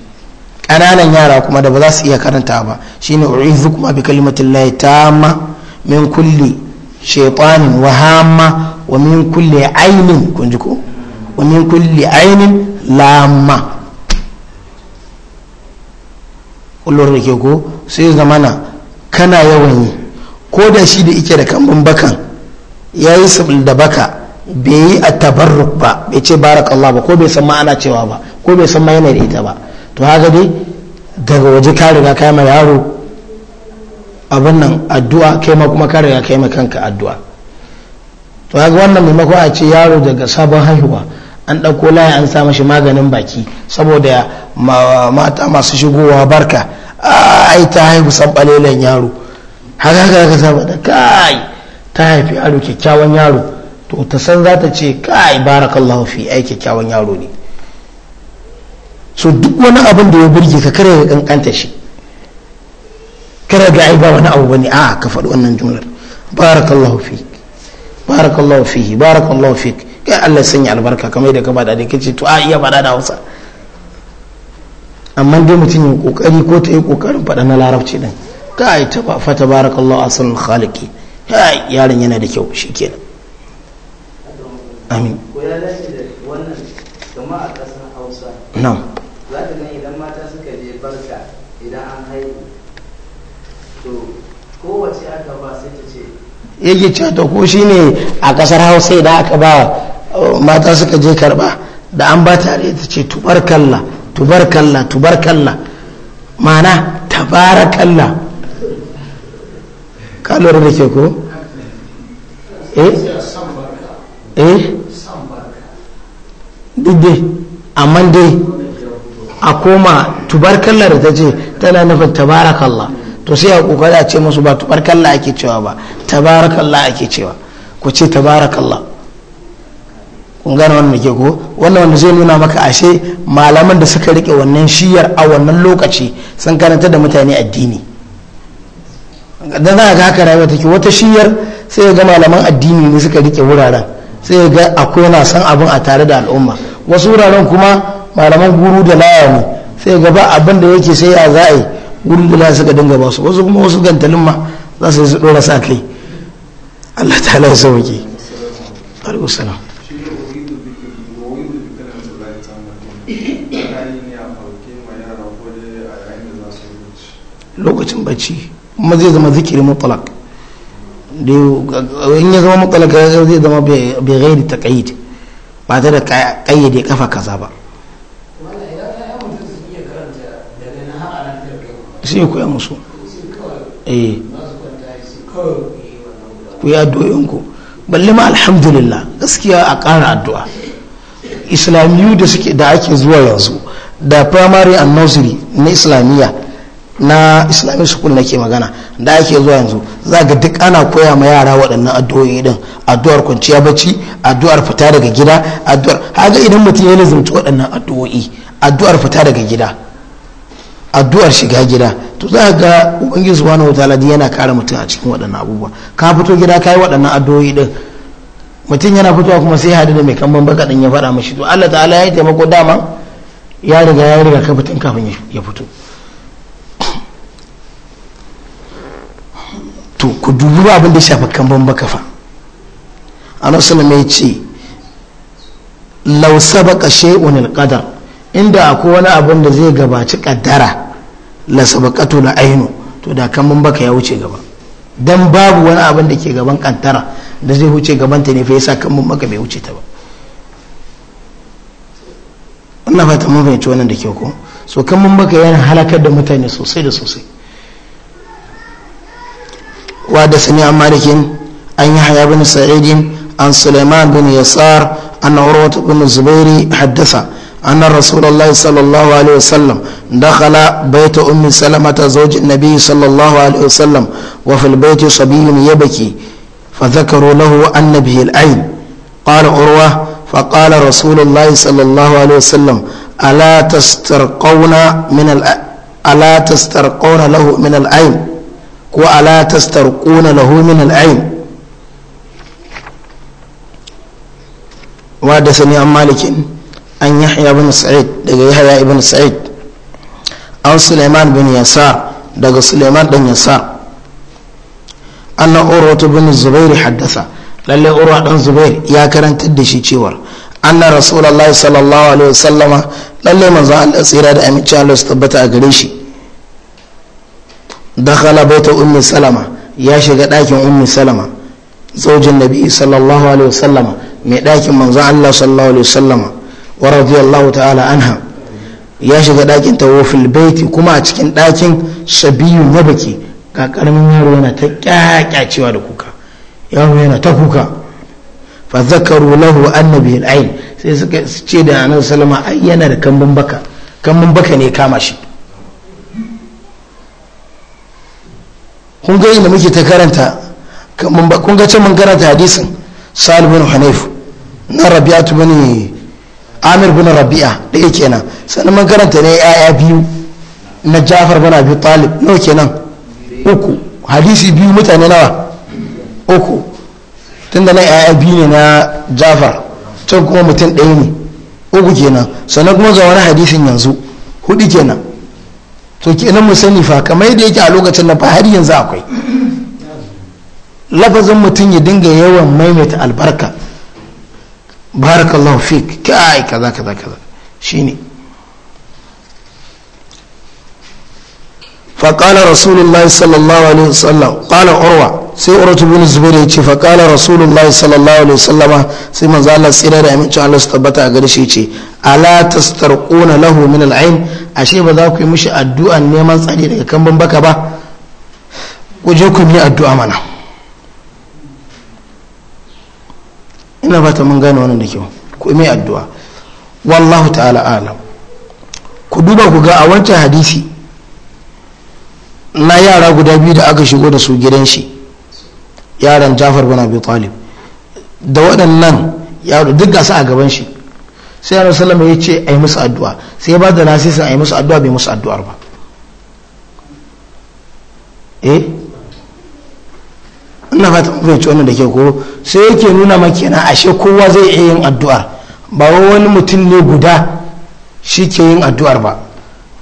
ƙananan yara kuma da ba za su iya karanta ba shine u'izu kuma bi kalimatin ta ma. min kulli shaytanin wa hama wa min kulli ainin kun ji ko wa min kulli ainin lamma kullum da ke ko sai zamana kana yawan yi ko da shi da ike da kambun bakan ya yi sabul da baka bai yi a tabarruk ba bai ce barakallah ba ko bai san ma cewa ba ko bai san ma yana da ita ba to haka dai daga waje ka riga kai ma yaro abin nan addu'a kai ma kuma ka riga kai ma kanka addu'a to haka wannan maimako a ce yaro daga sabon haihuwa an ɗauko layi an sa mashi maganin baki saboda mata masu shigowa barka ai ta haihu sabbalelen yaro haka haka haka samu da kai ta haifi yaro kyakkyawan yaro to ta san za ta ce kai barakallahu fi ai kyakkyawan yaro ne so duk wani abin da ya burge ka kare ka kankanta shi kare ga ai ba wani abu bane a ka faɗi wannan jumlar barakallahu fi barakallahu fi barakallahu fi kai Allah sanya albarka kamar da ka bada da kace to a iya bada da Hausa amma dai mutum yin kokari ko ta yi kokarin faɗa na larabci din kai ta ba fata barakallahu asan khaliki kai yaron yana da kyau shi ke amin nan za idan mata suka je barka idan an haihu to aka ba sai ta ce yake ce ta ko ne a kasar hausa idan aka ba eh, mata suka je karba da an ba tare ta ce kalla tubarkalla tubarkalla mana tabarakalla ka lura da ke ko eh eh didde amma dai a koma tubarkalla da ta ce tana nufin tabarakalla to sai a kokari a ce musu ba tubarkalla ake cewa ba tabarakalla ake cewa ku ce tabarakalla kun gane wannan ke ko wannan wanda zai nuna maka ashe malaman da suka rike wannan shiyar a wannan lokaci sun karanta da mutane addini da za ga haka rayuwa take wata shiyar sai ga malaman addini ne suka rike wuraren sai ga akwai na san abin a tare da al'umma wasu wuraren kuma malaman guru da laya ne sai ga ba abin da yake sai ya za a yi guru da laya suka dinga basu wasu kuma wasu gantalin ma za su yi su dora sa kai Allah ta'ala ya sauke. Alaihi wasalam. lokacin bacci kuma zai zama zikiri mutlaq da in ya zama mutlaq zai zama bai gairi ta kayyade ba ta da kayyade kafa kaza ba sai koya musu eh ku yi addu'o'inku balle ma alhamdulillah gaskiya a ƙara addu'a islamiyu da suke da ake zuwa yanzu da primary and nursery na islamiyya na islamic school nake magana da ake zuwa yanzu za ga duk ana koya ma yara waɗannan addu'o'i din addu'ar kwanciya bacci addu'ar fita daga gida addu'ar haga idan mutum ya nazumci waɗannan addu'o'i addu'ar fita daga gida addu'ar shiga gida to za ga ubangiji subhanahu wataala yana kare mutum a cikin waɗannan abubuwa ka fito gida kai waɗannan addu'o'i din mutum yana fitowa kuma sai hadu da mai kamban baka din ya faɗa mashi to Allah ta'ala ya yi taimako dama ya riga ya riga ka fitin kafin ya fito to ku dubi abin da ya shafi kamban baka fa annabi sallallahu ya ce law sabaqa shay'un al inda akwai wani abin da zai gabaci kaddara la sabaqatu la ainu to da kamban baka ya wuce gaba dan babu wani abin da ke gaban kaddara da zai wuce gaban ta ne fa yasa kamban baka bai wuce ta ba ina fata mun fahimci wannan da ke ko so kamban baka yana halakar da mutane sosai da sosai وحدثني عن مالك عن يحيى بن سعيد عن سليمان بن يسار أن عروة بن الزبير حدث أن رسول الله صلى الله عليه وسلم دخل بيت أم سلمة زوج النبي صلى الله عليه وسلم وفي البيت صبي يبكي فذكروا له أن به العين قال عروة فقال رسول الله صلى الله عليه وسلم ألا تسترقون من الأ... ألا تسترقون له من العين ko ala tastar ƙuna lahumin al'ain wadda sani an malikin an yi haya sa'id daga yi haya sa'id an suleiman bin yasa daga suleiman ɗan yasa annan uru bin zubairu haddasa lalle uru ɗan zubair ya karanta da shi cewar annan rasulallah sallallahu alaihi wasallama lalle manzo an tsira da amince allah su tabbata a gare shi dakhala baita ummi salama ya shiga ɗakin ummi salama zaujin nabi sallallahu alaihi wasallama mai ɗakin manzon Allah sallallahu alaihi wasallama wa radiyallahu ta'ala anha ya shiga ɗakin ta baiti kuma a cikin ɗakin shabiyu mabaki ga karamin yaro yana ta kyakyacewa da kuka yaro yana ta kuka fa zakaru lahu annabi sai suka ce da annabi sallama yana da kambun baka kambun baka ne kama shi kun ga inda muke ta karanta kun ga can mun karanta hadisin sa'al bin hanif na rabi'atu bani amir bin rabi'a da yake kenan sannan mun karanta ne ya'ya biyu na jafar bin abi talib nawa kenan uku hadisi biyu mutane nawa uku tunda na ya'ya biyu ne na jafar can kuma mutum ɗaya ne uku kenan sannan kuma ga wani hadisin yanzu hudu kenan to kenan mu sani fa kamar yadda yake a lokacin na fa har yanzu akwai lafazin mutum ya dinga yawan maimaita albarka barakallahu fik kai kaza kaza kaza shine faƙala rasulullahi sallallahu alaihi wasallam ƙala urwa sai urwatu bin zubair ya ce faƙala rasulullahi sallallahu alaihi wasallama sai manzo Allah tsira da amincin Allah su tabbata a gare shi ce ala tastarquna lahu min al'ain ashe ba za ku yi mishi addu'an neman tsari daga kamban baka ba ku je yi addu'a mana ina fata mun gane wannan da kyau ku yi addu'a wallahu ta'ala alam ku duba ku ga a wancan hadisi na yara guda biyu da aka shigo da su gidan shi yaran jafar bana abi talib da waɗannan yaro duk gasa a gaban shi sai yaro salama ya ce a yi musu addu'a sai ba da sun a yi musu addu'a bai musu addu'ar ba eh ina fata mafi ci wannan da ke ko sai yake nuna ma ashe kowa zai iya yin addu'ar ba wani mutum ne guda shi ke yin addu'ar ba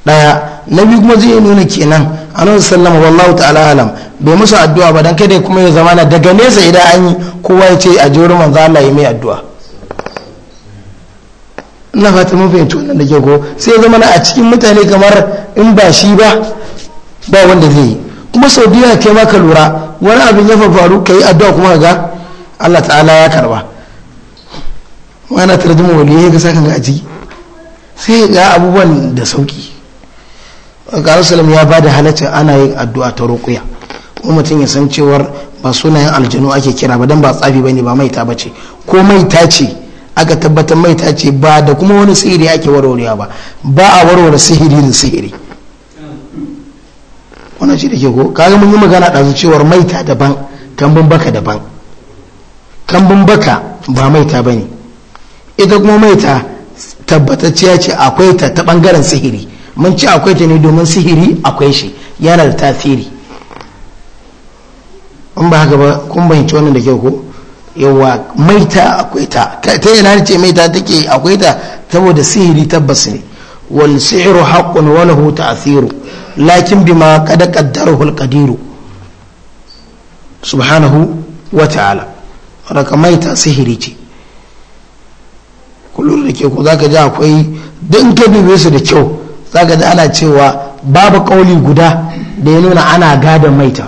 daya na biyu kuma zai nuna kenan nan sallama wallahu ta'ala alam bai musu addu'a ba dan kada kuma ya na daga nesa idan an yi kowa ya ce a jori manzo Allah ya mai addu'a ina fata mun fahimci wannan da ke ko sai ya na a cikin mutane kamar in ba shi ba ba wanda zai yi kuma sau biyu kai maka lura wani abin ya faru ka yi addu'a kuma ga Allah ta'ala ya karba wani tarjuma waliyai ka saka ga a ciki sai ga abubuwan da sauki ga ya ba da halaccin ana yin addu'a ta roƙuya ko mutum ya san cewar ba sunayen aljanu ake kira ba don ba tsafi bane ba maita ce ko maita ce aka tabbatar maita ce ba da kuma wani sihiri ake warwarewa ba ba a warware sihiri da sihiri wannan shi da ke ko kaga mun yi magana ɗazu cewar maita daban kambun baka daban kambun baka ba maita bane ita kuma maita tabbatacciya ce akwai ta ta bangaren sihiri mun ci akwai ta ne domin sihiri akwai shi yana da tasiri in ba haka ba kun bayanci wannan da kyau ko yawa maita akwai ta ta yana ce maita take akwai ta saboda sihiri tabbas ne wal sihiru haqqun wa lahu ta'thiru lakin bima qad qaddarahu al qadiru subhanahu wa ta'ala raka maita sihiri ce kullum da ke ku zaka ji akwai dan ka dube su da kyau zaka ji ana cewa babu kauli guda da ya nuna ana gada maita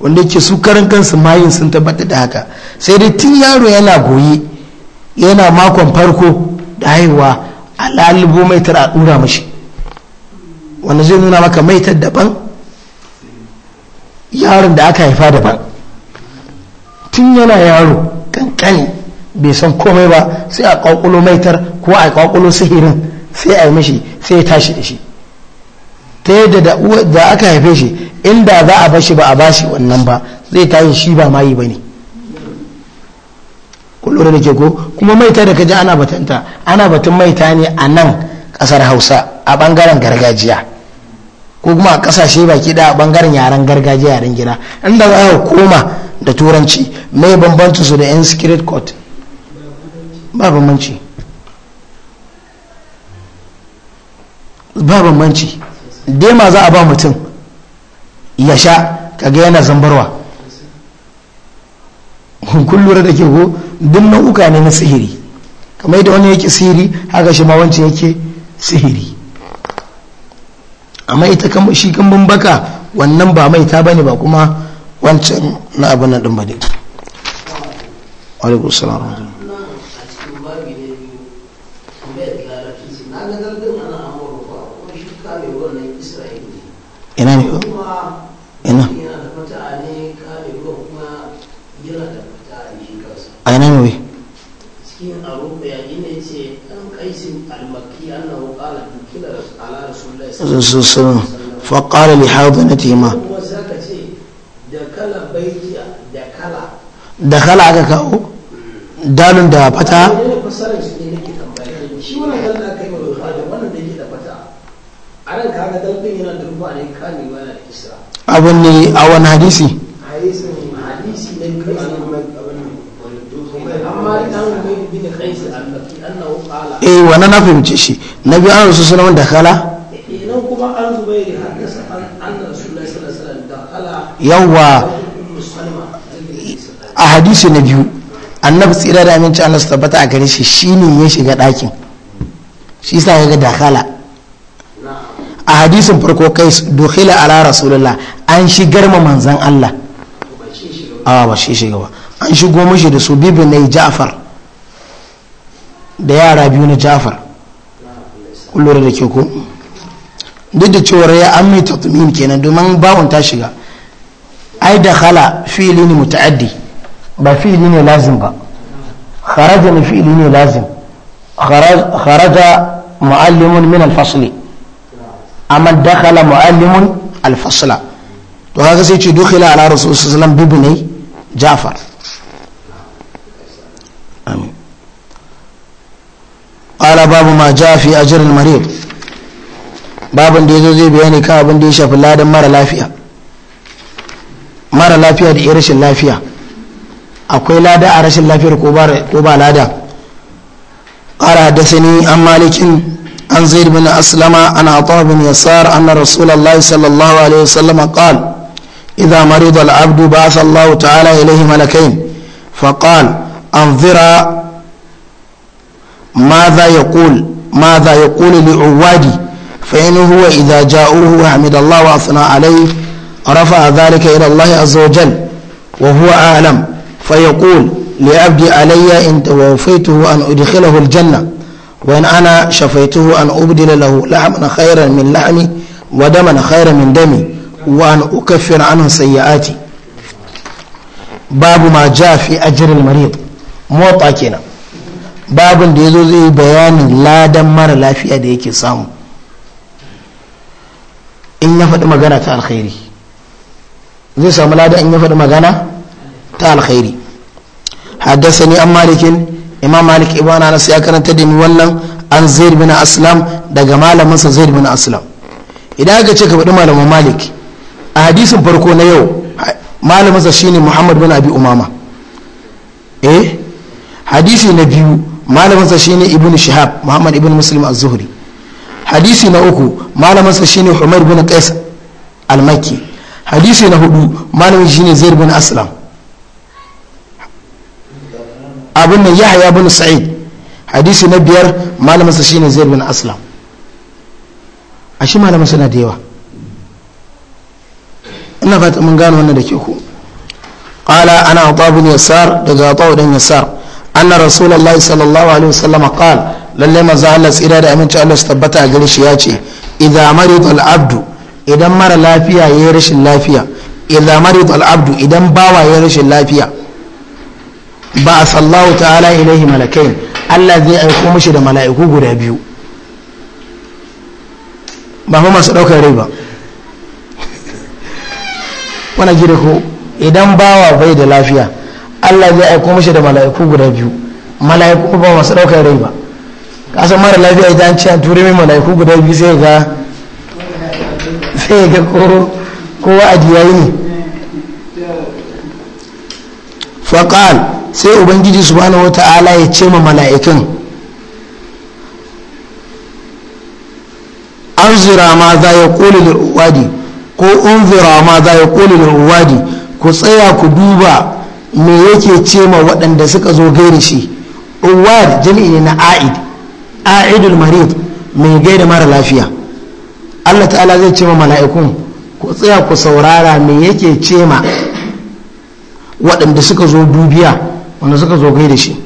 wanda ke su karan kansu mayin sun tabbata da haka sai dai tun yaro yana goyi yana makon farko da haihuwa alalibo maitar a dura mashi wanda zai nuna maka maitar daban yaron da aka haifa daban tun yana yaro kankani bai san komai ba sai a kwakulo maitar ko a kwakulo sihirin sai a yi mishi sai ya tashi da shi ta yadda da aka haife shi inda za a bashi ba a bashi wannan ba zai tashi shi ba mayi ba ne kullum da ke ko kuma maita da kaji ana batanta ana batun maita ne a nan kasar hausa a bangaren gargajiya ko kuma a kasashe baki da a bangaren yaren gargajiya yaren gida inda za a koma da turanci mai su da yan secret court ba bambanci ba bambanci dema za a ba mutum ya sha kaga yana zambarwa [laughs] kun lura da ke ko duk nau'uka ne na sihiri kamar yadda wani yake sihiri haka shi ma wancan yake sihiri amma ita kan shi kan baka wannan ba mai ta bane ba kuma wancan na abin nan din wa alaikum ina ne ina a ina ne wai cikin abu bayani ne ce an kaisin da kala aka kawo dalun da fata abin ne a wani hadisi eh wannan na fahimci shi na biyu an rasu sunan da kala yawwa a hadisi na biyu annabi tsira da aminci Allah su tabbata a gare shi shine ya shiga ɗakin shi sa ya ga dakala a hadisin farko kai dukhila ala rasulullah an shigar ma manzan Allah a ba shi shiga ba an shigo shi da su bibin na Ja'far da yara biyu na Ja'far kullum da ke ko duk da cewar ya an mai tatmin kenan domin bawon ta shiga ai da khala fi'li ne muta'addi ba fi'li ne lazim ba kharaja ne fi'li ne lazim kharaja mu'allimun min al-fasli amma dakhala mu'allimun al-fasla to haka sai ce dukhila ala rasul sallallahu alaihi wasallam jafar amin qala babu ma ja fi ajr al-marid babin da yazo zai bayani kan abin da ya shafi ladan mara lafiya mara lafiya da rashin lafiya akwai lada a rashin lafiyar ko ba lada قال حدثني an malikin. عن زيد بن أسلم عن عطاء بن يسار أن رسول الله صلى الله عليه وسلم قال إذا مرض العبد بعث الله تعالى إليه ملكين فقال أنظرا ماذا يقول ماذا يقول لعوادي فإن هو إذا جاءوه وحمد الله وأثنى عليه رفع ذلك إلى الله عز وجل وهو أعلم فيقول لعبدي علي إن توفيته أن أدخله الجنة وإن أنا شفيته أن أبدل له لحما خيرا من لحمي ودما خيرا من دمي وأن أكفر عنه سيئاتي باب ما جاء في أجر المريض موطا كنا babin da ya zo zai bayani ladan mara lafiya da yake samu in ya faɗi magana ta alkhairi zai samu ladan in ya faɗi magana ta alkhairi haddasa ni an malikin imam malik ibn na ya karanta da ni wannan an zaid bin aslam daga malaminsa zaid bin aslam idan aka ce ka faɗi malamin malik a hadisin farko na yau malaminsa shine muhammad bin abi umama eh hadisi na biyu malaminsa shine ibn shihab muhammad ibn muslim az-zuhri hadisi na uku malaminsa shine Umar bin qais al-makki hadisi na hudu malamin shine zaid bin aslam abin nan yahya bin sa'id hadisi na biyar malamansa sa shine zaid bin aslam a shi malamin suna da yawa ina fata mun gano wannan da ke ku qala ana atabun yasar daga atawu dan yasar anna rasulullahi sallallahu alaihi wasallam qala lalle maza Allah tsira da aminci Allah su tabbata a gare shi ya ce idza marida al-abdu idan mara lafiya ya yi rashin lafiya idza marida al-abdu idan bawa yi rashin lafiya ba a sallahu ta'ala ilaihi malakain Allah zai aiko mashi da mala'iku guda biyu ba fa masu ɗaukar rai ba wani gida ko idan bawa bai da lafiya Allah zai aiko mashi da mala'iku guda biyu mala'iku ba masu ɗaukar rai ba kasan mara lafiya idan ci a turi mai mala'iku guda biyu sai ga sai ga kowa a diyayi ne faƙal sai ubangiji subhanahu wata'ala ya ce ma mala'ikan anzira ma za ya kuli da uwadi ko unzira ma za ya kuli da uwadi ku tsaya ku duba me yake ce ma waɗanda suka zo gaira shi uwad jami'i ne na a'id a'idul marid mai gaida mara lafiya Allah ta'ala zai ce ma mala'ikun ku tsaya ku saurara me yake ce ma waɗanda suka zo dubiya wanda suka zo gai da shi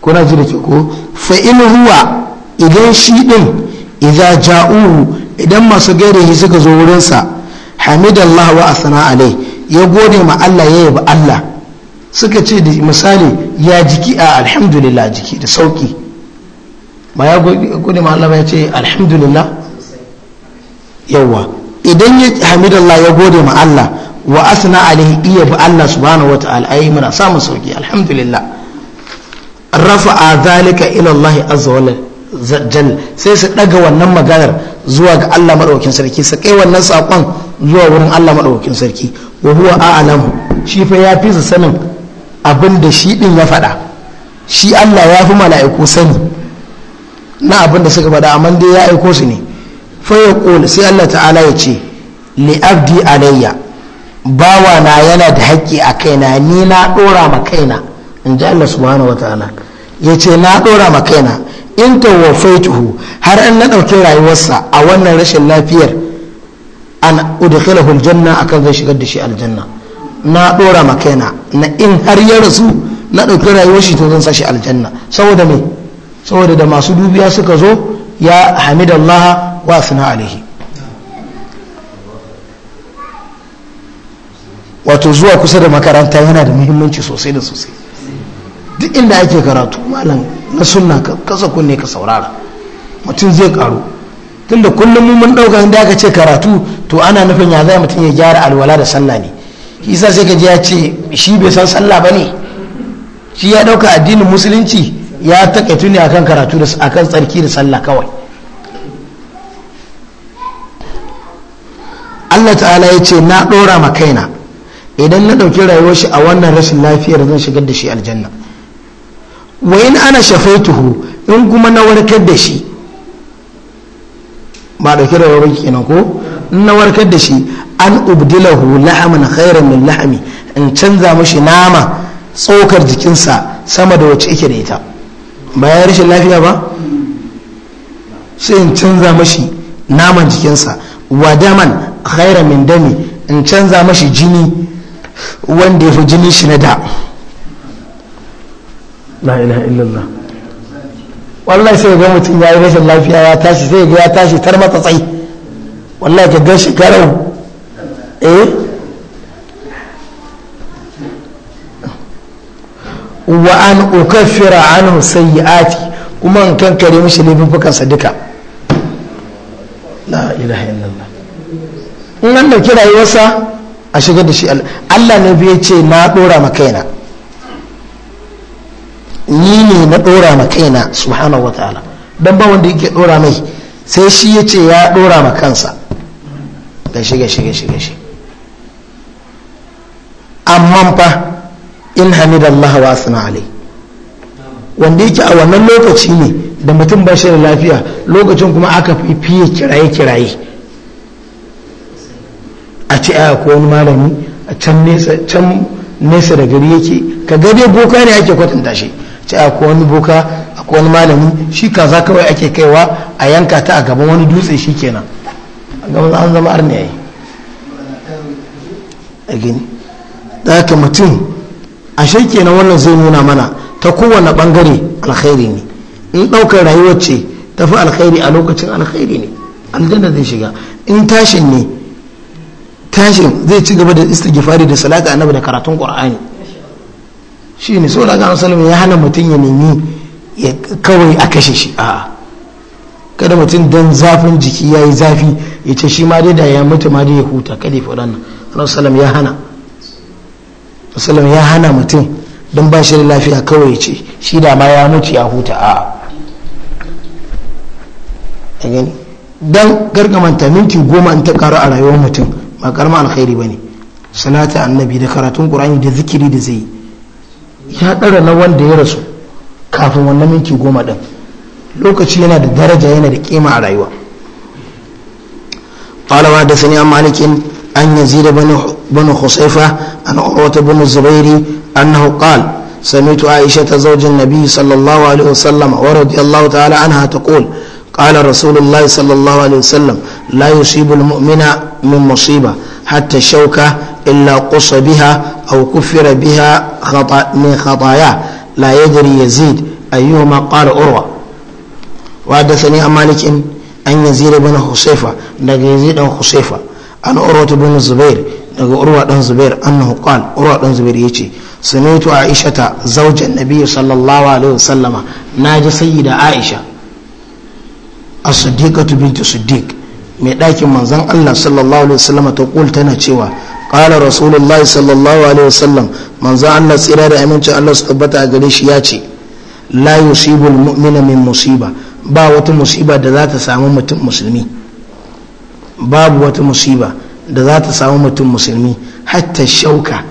kuna ji da ke ko fa in idan shi din idza ja'uhu idan masu gai da shi suka zo wurinsa hamidallah wa asana alai ya gode ma Allah ya yabi Allah suka ce da misali ya jiki a alhamdulillah jiki da sauki ma ya gode ma Allah ba ya ce alhamdulillah yawa idan ya hamidallah ya gode ma Allah wa asna alaihi iya bi Allah subhanahu wataala ai muna samun sauki alhamdulillah rafa'a zalika ila Allah azza wa jal sai su daga wannan maganar zuwa ga Allah madaukakin sarki su kai wannan sakon zuwa wurin Allah madaukakin sarki wa huwa a'lamu shi fa ya su sanin abin da shi din ya faɗa shi Allah ya fi mala'iku sani na abin da suka fada amma dai ya aiko su ne fa sai Allah ta'ala ya ce li abdi alayya bawa na yana da haƙƙi a kaina ni na ɗora ma kaina in ji Allah subhanahu wa ta'ala ya ce na ɗora ma kaina in tawafaituhu har in na ɗauki rayuwarsa a wannan rashin lafiyar an udkhilahu aljanna akan zai shigar da shi aljanna na ɗora ma kaina na in har ya rasu na ɗauki rayuwar shi to zan sa shi aljanna saboda me saboda da masu dubiya suka zo ya hamidallah wa sana alaihi wato zuwa kusa da makaranta yana da muhimmanci sosai da sosai duk inda ake karatu malam na sunna kasa kunne ka saurara mutum zai karu tunda kullum mun dauka inda aka ce karatu to ana nufin ya zai mutum ya gyara alwala da sallah ne isa sai ka ji ya ce shi bai san sallah ba ne shi ya dauka addinin musulunci ya takaitu ne akan karatu da akan tsarki da sallah kawai Allah ta'ala ya ce na ɗora ma kaina idan na ɗauki rayuwar shi a wannan rashin lafiyar zan shigar da shi aljanna wa in ana shafaituhu in kuma na warkar da shi ba ɗauki rayuwar kenan ko na warkar da shi an ubdilahu lahaman khairan min lahami in canza mashi nama tsokar jikinsa sama da wacce yake da ita ba ya rashin lafiya ba sai in canza mashi naman jikinsa wa daman khairan min dami in canza mashi jini wanda ya fi jini shi na da la ilaha illallah wallahi sai ga mutum ya yi rashin lafiya ya tashi sai ga ya tashi tar tsayi. wallahi ka gan shi karau eh wa an ukaffira anhu sayyi'ati kuma in kankare mishi laifukansa duka la ilaha illallah in an dauki rayuwarsa a shigar da shi Allah ne bai ce na dora ma kaina ni ne na dora ma kaina subhanahu wataala dan ba wanda yake dora mai sai shi ya ce ya dora ma kansa shiga shiga shiga shi amma fa in hamidallah wa asna alai wanda yake a wannan lokaci ne da mutum ba shi da lafiya lokacin kuma aka fiye kiraye kiraye a ce a ko wani malami a can nesa can nesa da gari yake ka ga dai boka ne ake kwatanta shi ce a ko wani boka a ko wani malami shi kaza kawai ake kaiwa a yanka ta a gaban wani dutse shi kenan a gaban an zama arni yayi a gini da haka mutum a kenan wannan zai nuna mana ta kowane bangare alkhairi ne in ɗaukar rayuwar ce tafi alkhairi a lokacin alkhairi ne aljanna zai shiga in tashin ne tashin zai ci gaba da istighfari da salati annabi da karatun qur'ani shine so da ga ya hana mutum ya nemi ya kawai a kashe shi a kada mutum dan zafin jiki yayi zafi ya ce shi ma dai da ya mutu ma dai ya huta kada ya ranna sallallahu sallam ya hana sallallahu ya hana mutum dan ba shi lafiya kawai ya ce shi da ma ya mutu ya huta a dan gargamanta minti goma in ta karu a rayuwar mutum ba karma alkhairi bane salata annabi da karatun qur'ani da zikiri da zai ya dara na wanda ya rasu kafin wannan minti goma din lokaci yana da daraja yana da kima a rayuwa قال da sani مالك أن يزيد بن بن husaifa عن عروة بن الزبير أنه قال سمعت عائشة زوج النبي صلى الله عليه وسلم ورضي الله تعالى عنها تقول قال رسول الله صلى الله عليه وسلم لا يصيب المؤمن من مصيبة حتى الشوكة إلا قص بها أو كفر بها خطأ من خطاياه لا يدري يزيد أيهما قال أروى وحدثني عن مالك أن يزيد بن خصيفة لقى يزيد بن خصيفة أن أروى بن الزبير لقى أروى بن الزبير أنه قال أروى بن الزبير يجي سمعت عائشة زوج النبي صلى الله عليه وسلم ناجي سيدة عائشة a siddiqatu binti siddiq mai ɗakin manzan Allah sallallahu alaihi wasallam ta kul tana cewa qala rasulullahi sallallahu alaihi wasallam manzan Allah tsira da amincin Allah su tabbata a gare shi ya ce la yusibul mu'mina min musiba ba wata musiba da za ta samu mutum musulmi babu wata musiba da za ta samu mutum musulmi hatta shauka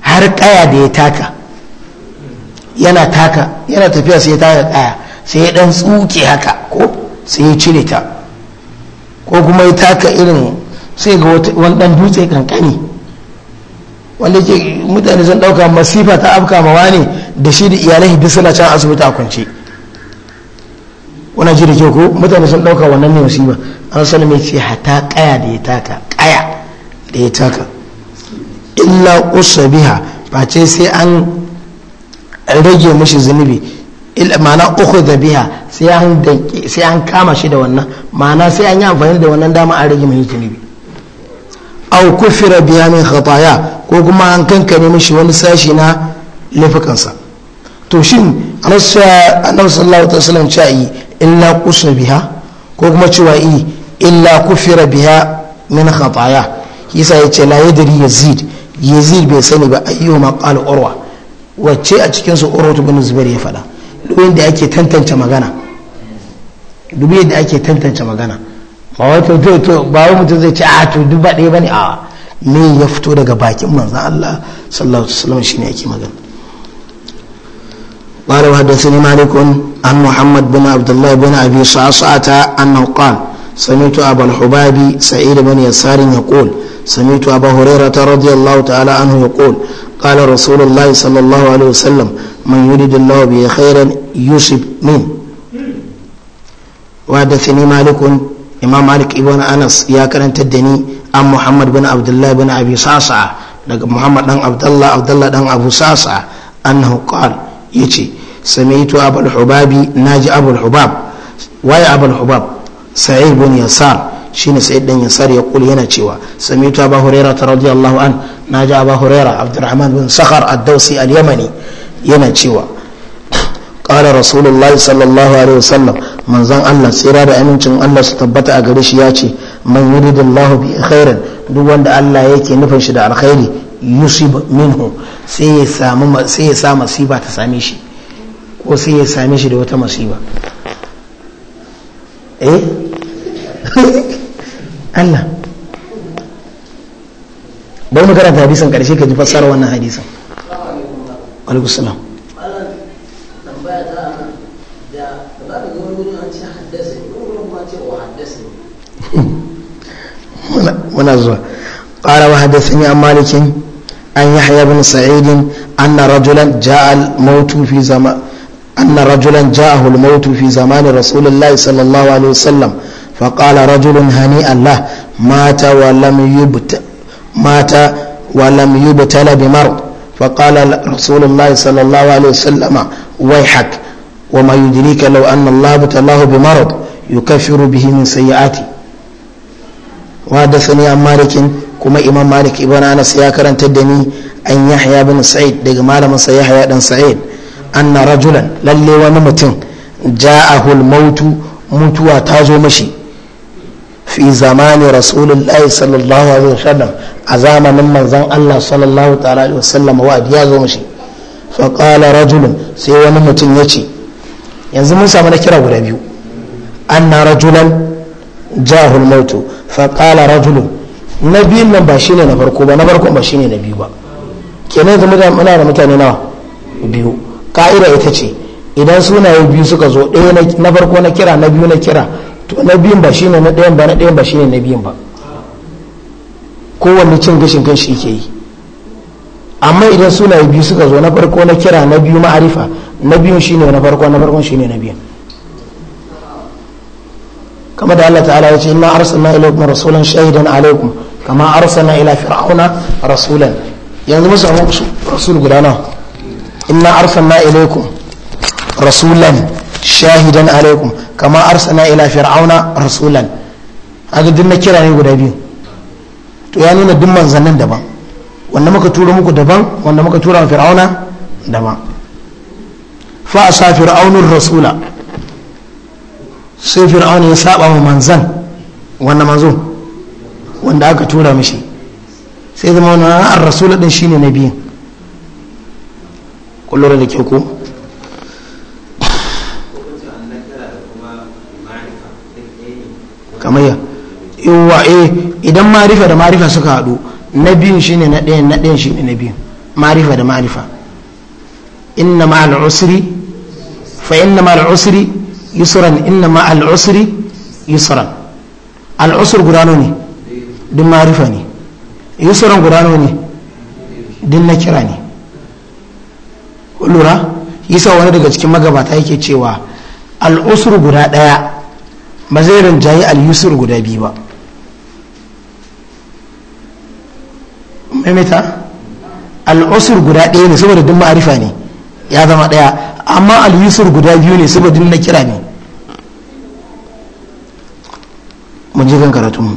har kaya da ya taka yana taka yana tafiya sai ya taka kaya sai ya dan tsuke haka ko sai ya cire ta ko kuma ya taka irin sai ga wani dan dutse kankani wanda ke mutane sun dauka masifa ta afka mawa ne da shi da iyalai duk suna can asibiti a kwance wani jirage ko mutane sun dauka wannan ne masifa an sani mai ce hata kaya da ya taka kaya da ya taka illa usabiha face sai an rage mashi zunubi ma'ana uku da biya sai an kama shi da wannan ma'ana sai an yi amfani da wannan dama a rage mai zunubi au kufira biya min khataya ko kuma an kankane mishi wani sashi na lafukansa to shin annabi sallallahu alaihi wasallam cewa yi illa kusa biya ko kuma cewa yi illa kufira biya min khataya yasa ce la yadri yazid yazid bai sani ba a ayyuma qala urwa wacce a cikin su urwa bin zubar ya faɗa duk yadda ake tantance magana duk yadda ake tantance magana ba to to ba mutum zai ce a ah, to duk ba ɗaya bane a me ya fito daga bakin manzon Allah sallallahu alaihi wasallam shine yake magana قال وحدثني مالك عن محمد بن عبد الله بن ابي صعصعة انه قال سمعت ابا الحباب سعيد بن يسار يقول سمعت ابا هريرة رضي الله تعالى عنه يقول قال رسول الله صلى الله عليه وسلم man yuri da lobi ya khairan yusuf min wa da sani malikun imam malik ibn anas ya karanta da ni an muhammad bin abdullahi bin abi sasa daga muhammad dan abdullahi abdullahi dan abu sasa an hukar ya ce samaitu abul hubabi na ji abul hubab waye abul hubab sa'id bin yasar shine sa'id dan yasar ya kula yana cewa samaitu abu huraira radiyallahu an na ji abu huraira abdurrahman bin sakhar ad-dawsi al-yamani yana cewa ƙara rasulullahi sallallahu alaihi wasallam manzan allah tsira da amincin allah su tabbata a gare shi ya ce man allahu bi khairan duk wanda allah yake nufin shi da alkhairi yusuf minhu sai ya samu sai ya sa masiba ta same shi ko sai ya same shi da wata masiba eh [laughs] allah bai mu karanta hadisin karshe ka ji fassara wannan hadisin alaikun muna zuwa ƙara wa haddasin ya sa'idin anna rajulan ja'ahul mautu zamanin rasulullahi sallallahu alaihi rajulun hani allah mata wa lam yubtala فقال رسول الله صلى الله عليه وسلم ويحك وما يدريك لو أن الله ابتلاه بمرض يكفر به من سيئاته وحدثني عن مالك كما إمام مالك ابن أنس يا كرن تدني أن يحيى بن سعيد دق مالما سيحيى بن سعيد أن رجلا للي ونمتن جاءه الموت mutuwa ta zo mashi fi zamani rasulullahi sallallahu alaihi wasallam a zamanin manzon Allah sallallahu ta'ala alaihi wasallam wa ya zo mishi fa qala rajulun sai wani mutum yace yanzu mun samu na kira guda biyu anna rajulan jahul mautu fa qala rajulun na biyun nan ba shine na farko ba na farkon ba shine na biyu ba kenan yanzu muna da mutane nawa biyu ka'ida ita ce idan sunaye biyu suka zo ɗaya na farko na kira na biyu na kira to na biyun ba shine na ɗayan ba na ɗayan ba shine na biyun ba kowanne cin gashin kan shi ke yi amma idan sunaye biyu suka zo na farko na kira na biyu ma'arifa na biyun shine na farko na farkon shine na biyun kama da Allah ta'ala ya ce inna arsalna ilaykum rasulan shahidan alaykum kama arsalna ila fir'auna rasulan yanzu musu amma rasul guda nawa inna arsalna ilaykum rasulan shahidan alaikum kama arsana ila fir'auna rasulan haka duk na kira ne guda biyu to ya nuna duk manzannin daban wanda muka tura muku daban wanda muka tura fir'auna daban fa asa fir'aunur rasula sai fir'auna ya saba wa manzan wanda manzo wanda aka tura mishi sai zama wannan ar rasula din shine biyu kullum da ke ko kamayya in wa'e eh, idan marifa da marifa suka haɗu na biyun shine na ɗayan na ɗayan shine na biyun marifa da marifa inna ma al'usri fa inna ma al'usri yusran inna ma al'usri yusran al'usur gudano ne din marifa ne yusran gudano ne din na kira ne lura yasa wani daga cikin magabata yake cewa al'usur guda ɗaya ba zai rinjaye al yusur guda biyu ba maimaita al guda ɗaya ne saboda duk ma'arifa ne ya zama ɗaya amma al'usur guda biyu ne saboda na kira ne mun je kan karatu mu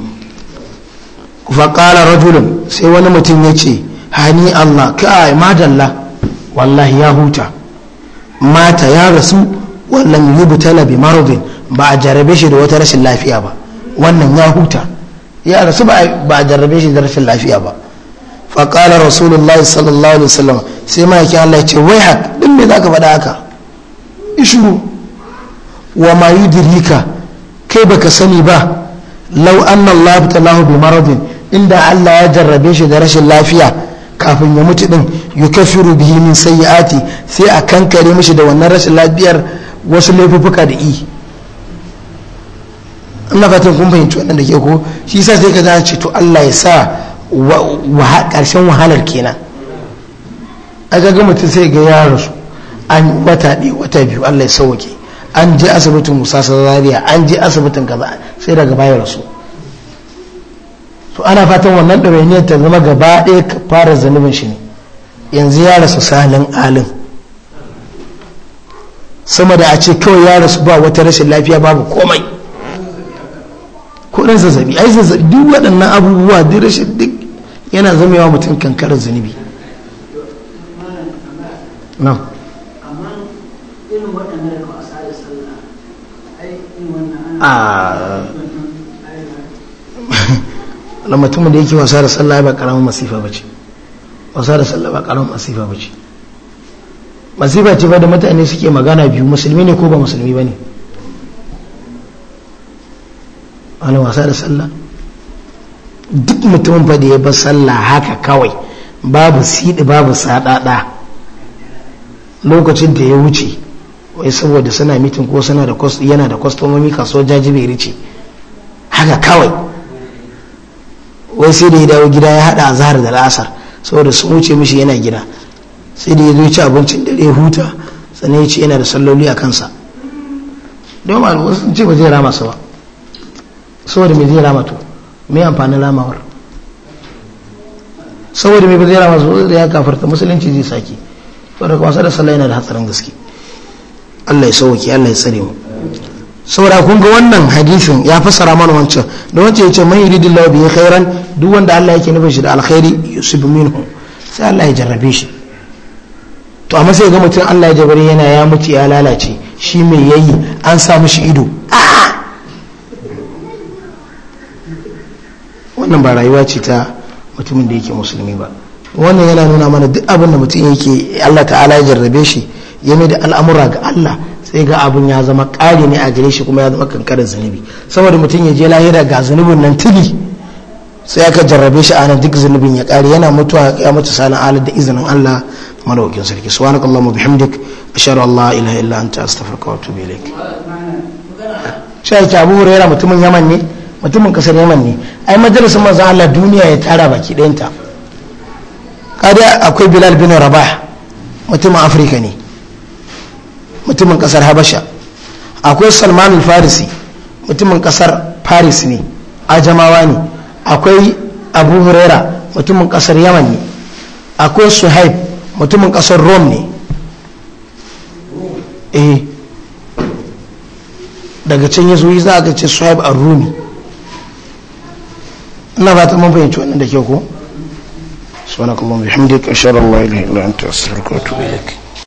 faƙala rajulun sai wani mutum ya ce hani Allah kai madalla wallahi ya huta mata ya rasu wallan yubtala bi maradin ba a jarrabe shi da wata rashin lafiya ba wannan ya huta ya rasu ba a jarrabe shi da rashin lafiya ba faƙalar rasulullahi sallallahu alaihi wasallam sai ma yake Allah ce wai hak din me zaka faɗa haka ishuru wa ma yudrika kai baka sani ba law anna Allah talahu bi maradin inda Allah ya jarrabe shi da rashin lafiya kafin ya mutu din yukaffiru bihi min sayyiati sai a kankare mishi da wannan rashin lafiyar wasu laifuffuka da i ina fatan kun fahimci wannan da ke ko shi yasa sai ka zana ce to Allah ya sa karshen wahalar kenan a ga mutum sai ga ya rasu an wata biyu wata biyu Allah ya sauke an je asibitin Musa Sazariya an je asibitin gaba sai daga baya rasu to ana fatan wannan ɗawainiyar ta zama gaba ɗaya ka fara zanubin shi ne yanzu ya rasu salin alin sama da a ce kawai ya rasu ba wata rashin lafiya babu komai ko ɗan zazzabi ai zazzabi duk waɗannan abubuwa duk rashin duk yana zama yawa mutum kankarar zunubi na mutum ah. mutumin da yake wasa da sallah ba karamin masifa ba ce wasa da sallah ba karamin masifa ba ce masifa ce ba da mutane suke magana biyu musulmi ne ko ba musulmi ba ne ana wasa da sallah duk mutumin fa da ya bar sallah haka kawai babu siɗi babu saɗaɗa lokacin da ya wuce wai saboda suna mitin ko suna da yana da kwastomomi kaso jajibiri ce haka kawai wai sai da ya dawo gida ya haɗa azahar da la'asar saboda sun wuce mishi yana gida sai da ya zo ci abincin da ya huta sannan ya ce yana da salloli a kansa don ma wasu ce ba zai rama su ba saboda mai zai rama to me amfanin ramawar saboda mai zai rama saboda ya kafarta musulunci zai saki saboda kuma sada sallah yana da hatsarin gaske Allah ya sauke Allah ya tsare mu saboda kun ga wannan hadisin ya fassara mana wancan da wancan yace man yuridillahu bihi khairan duk wanda Allah yake nufin shi da alkhairi yusib minhu sai Allah ya jarrabe shi to amma sai ga mutum Allah ya jabari yana ya mutu ya lalace shi me yayi an sa mishi ido a'a wannan ba rayuwa ce ta mutumin da yake musulmi ba wannan yana nuna mana duk abin da mutum yake Allah ta'ala ya jarrabe shi ya mai da al'amura ga Allah sai ga abin ya zama ƙari ne a gare shi kuma ya zama kankarin zunubi saboda mutum ya je lahira ga zunubin nan tili sai aka jarrabe shi a nan duk zunubin ya ƙari yana mutuwa ya mutu salin Ala da izinin Allah malaukin sarki subhanakallahumma bihamdik ashhadu an la ilaha illa anta astaghfiruka wa atubu ilaik sai Abu Hurairah mutumin Yaman ne mutumin kasar yaman ne ai majalisar manzan Allah duniya ya tara baki ɗayanta kada akwai bilal bin rabah mutumin afirka ne mutumin kasar habasha akwai salman farisi mutumin kasar paris ne ajamawa ne akwai abu huraira mutumin kasar yaman ne akwai suhaib mutumin kasar rome ne eh daga can ya yi za a ce suhaib a rumi ina ba ta mun fahimci wannan da ke ko subhanakallahumma bihamdika ashhadu an la ilaha illa anta astaghfiruka wa atubu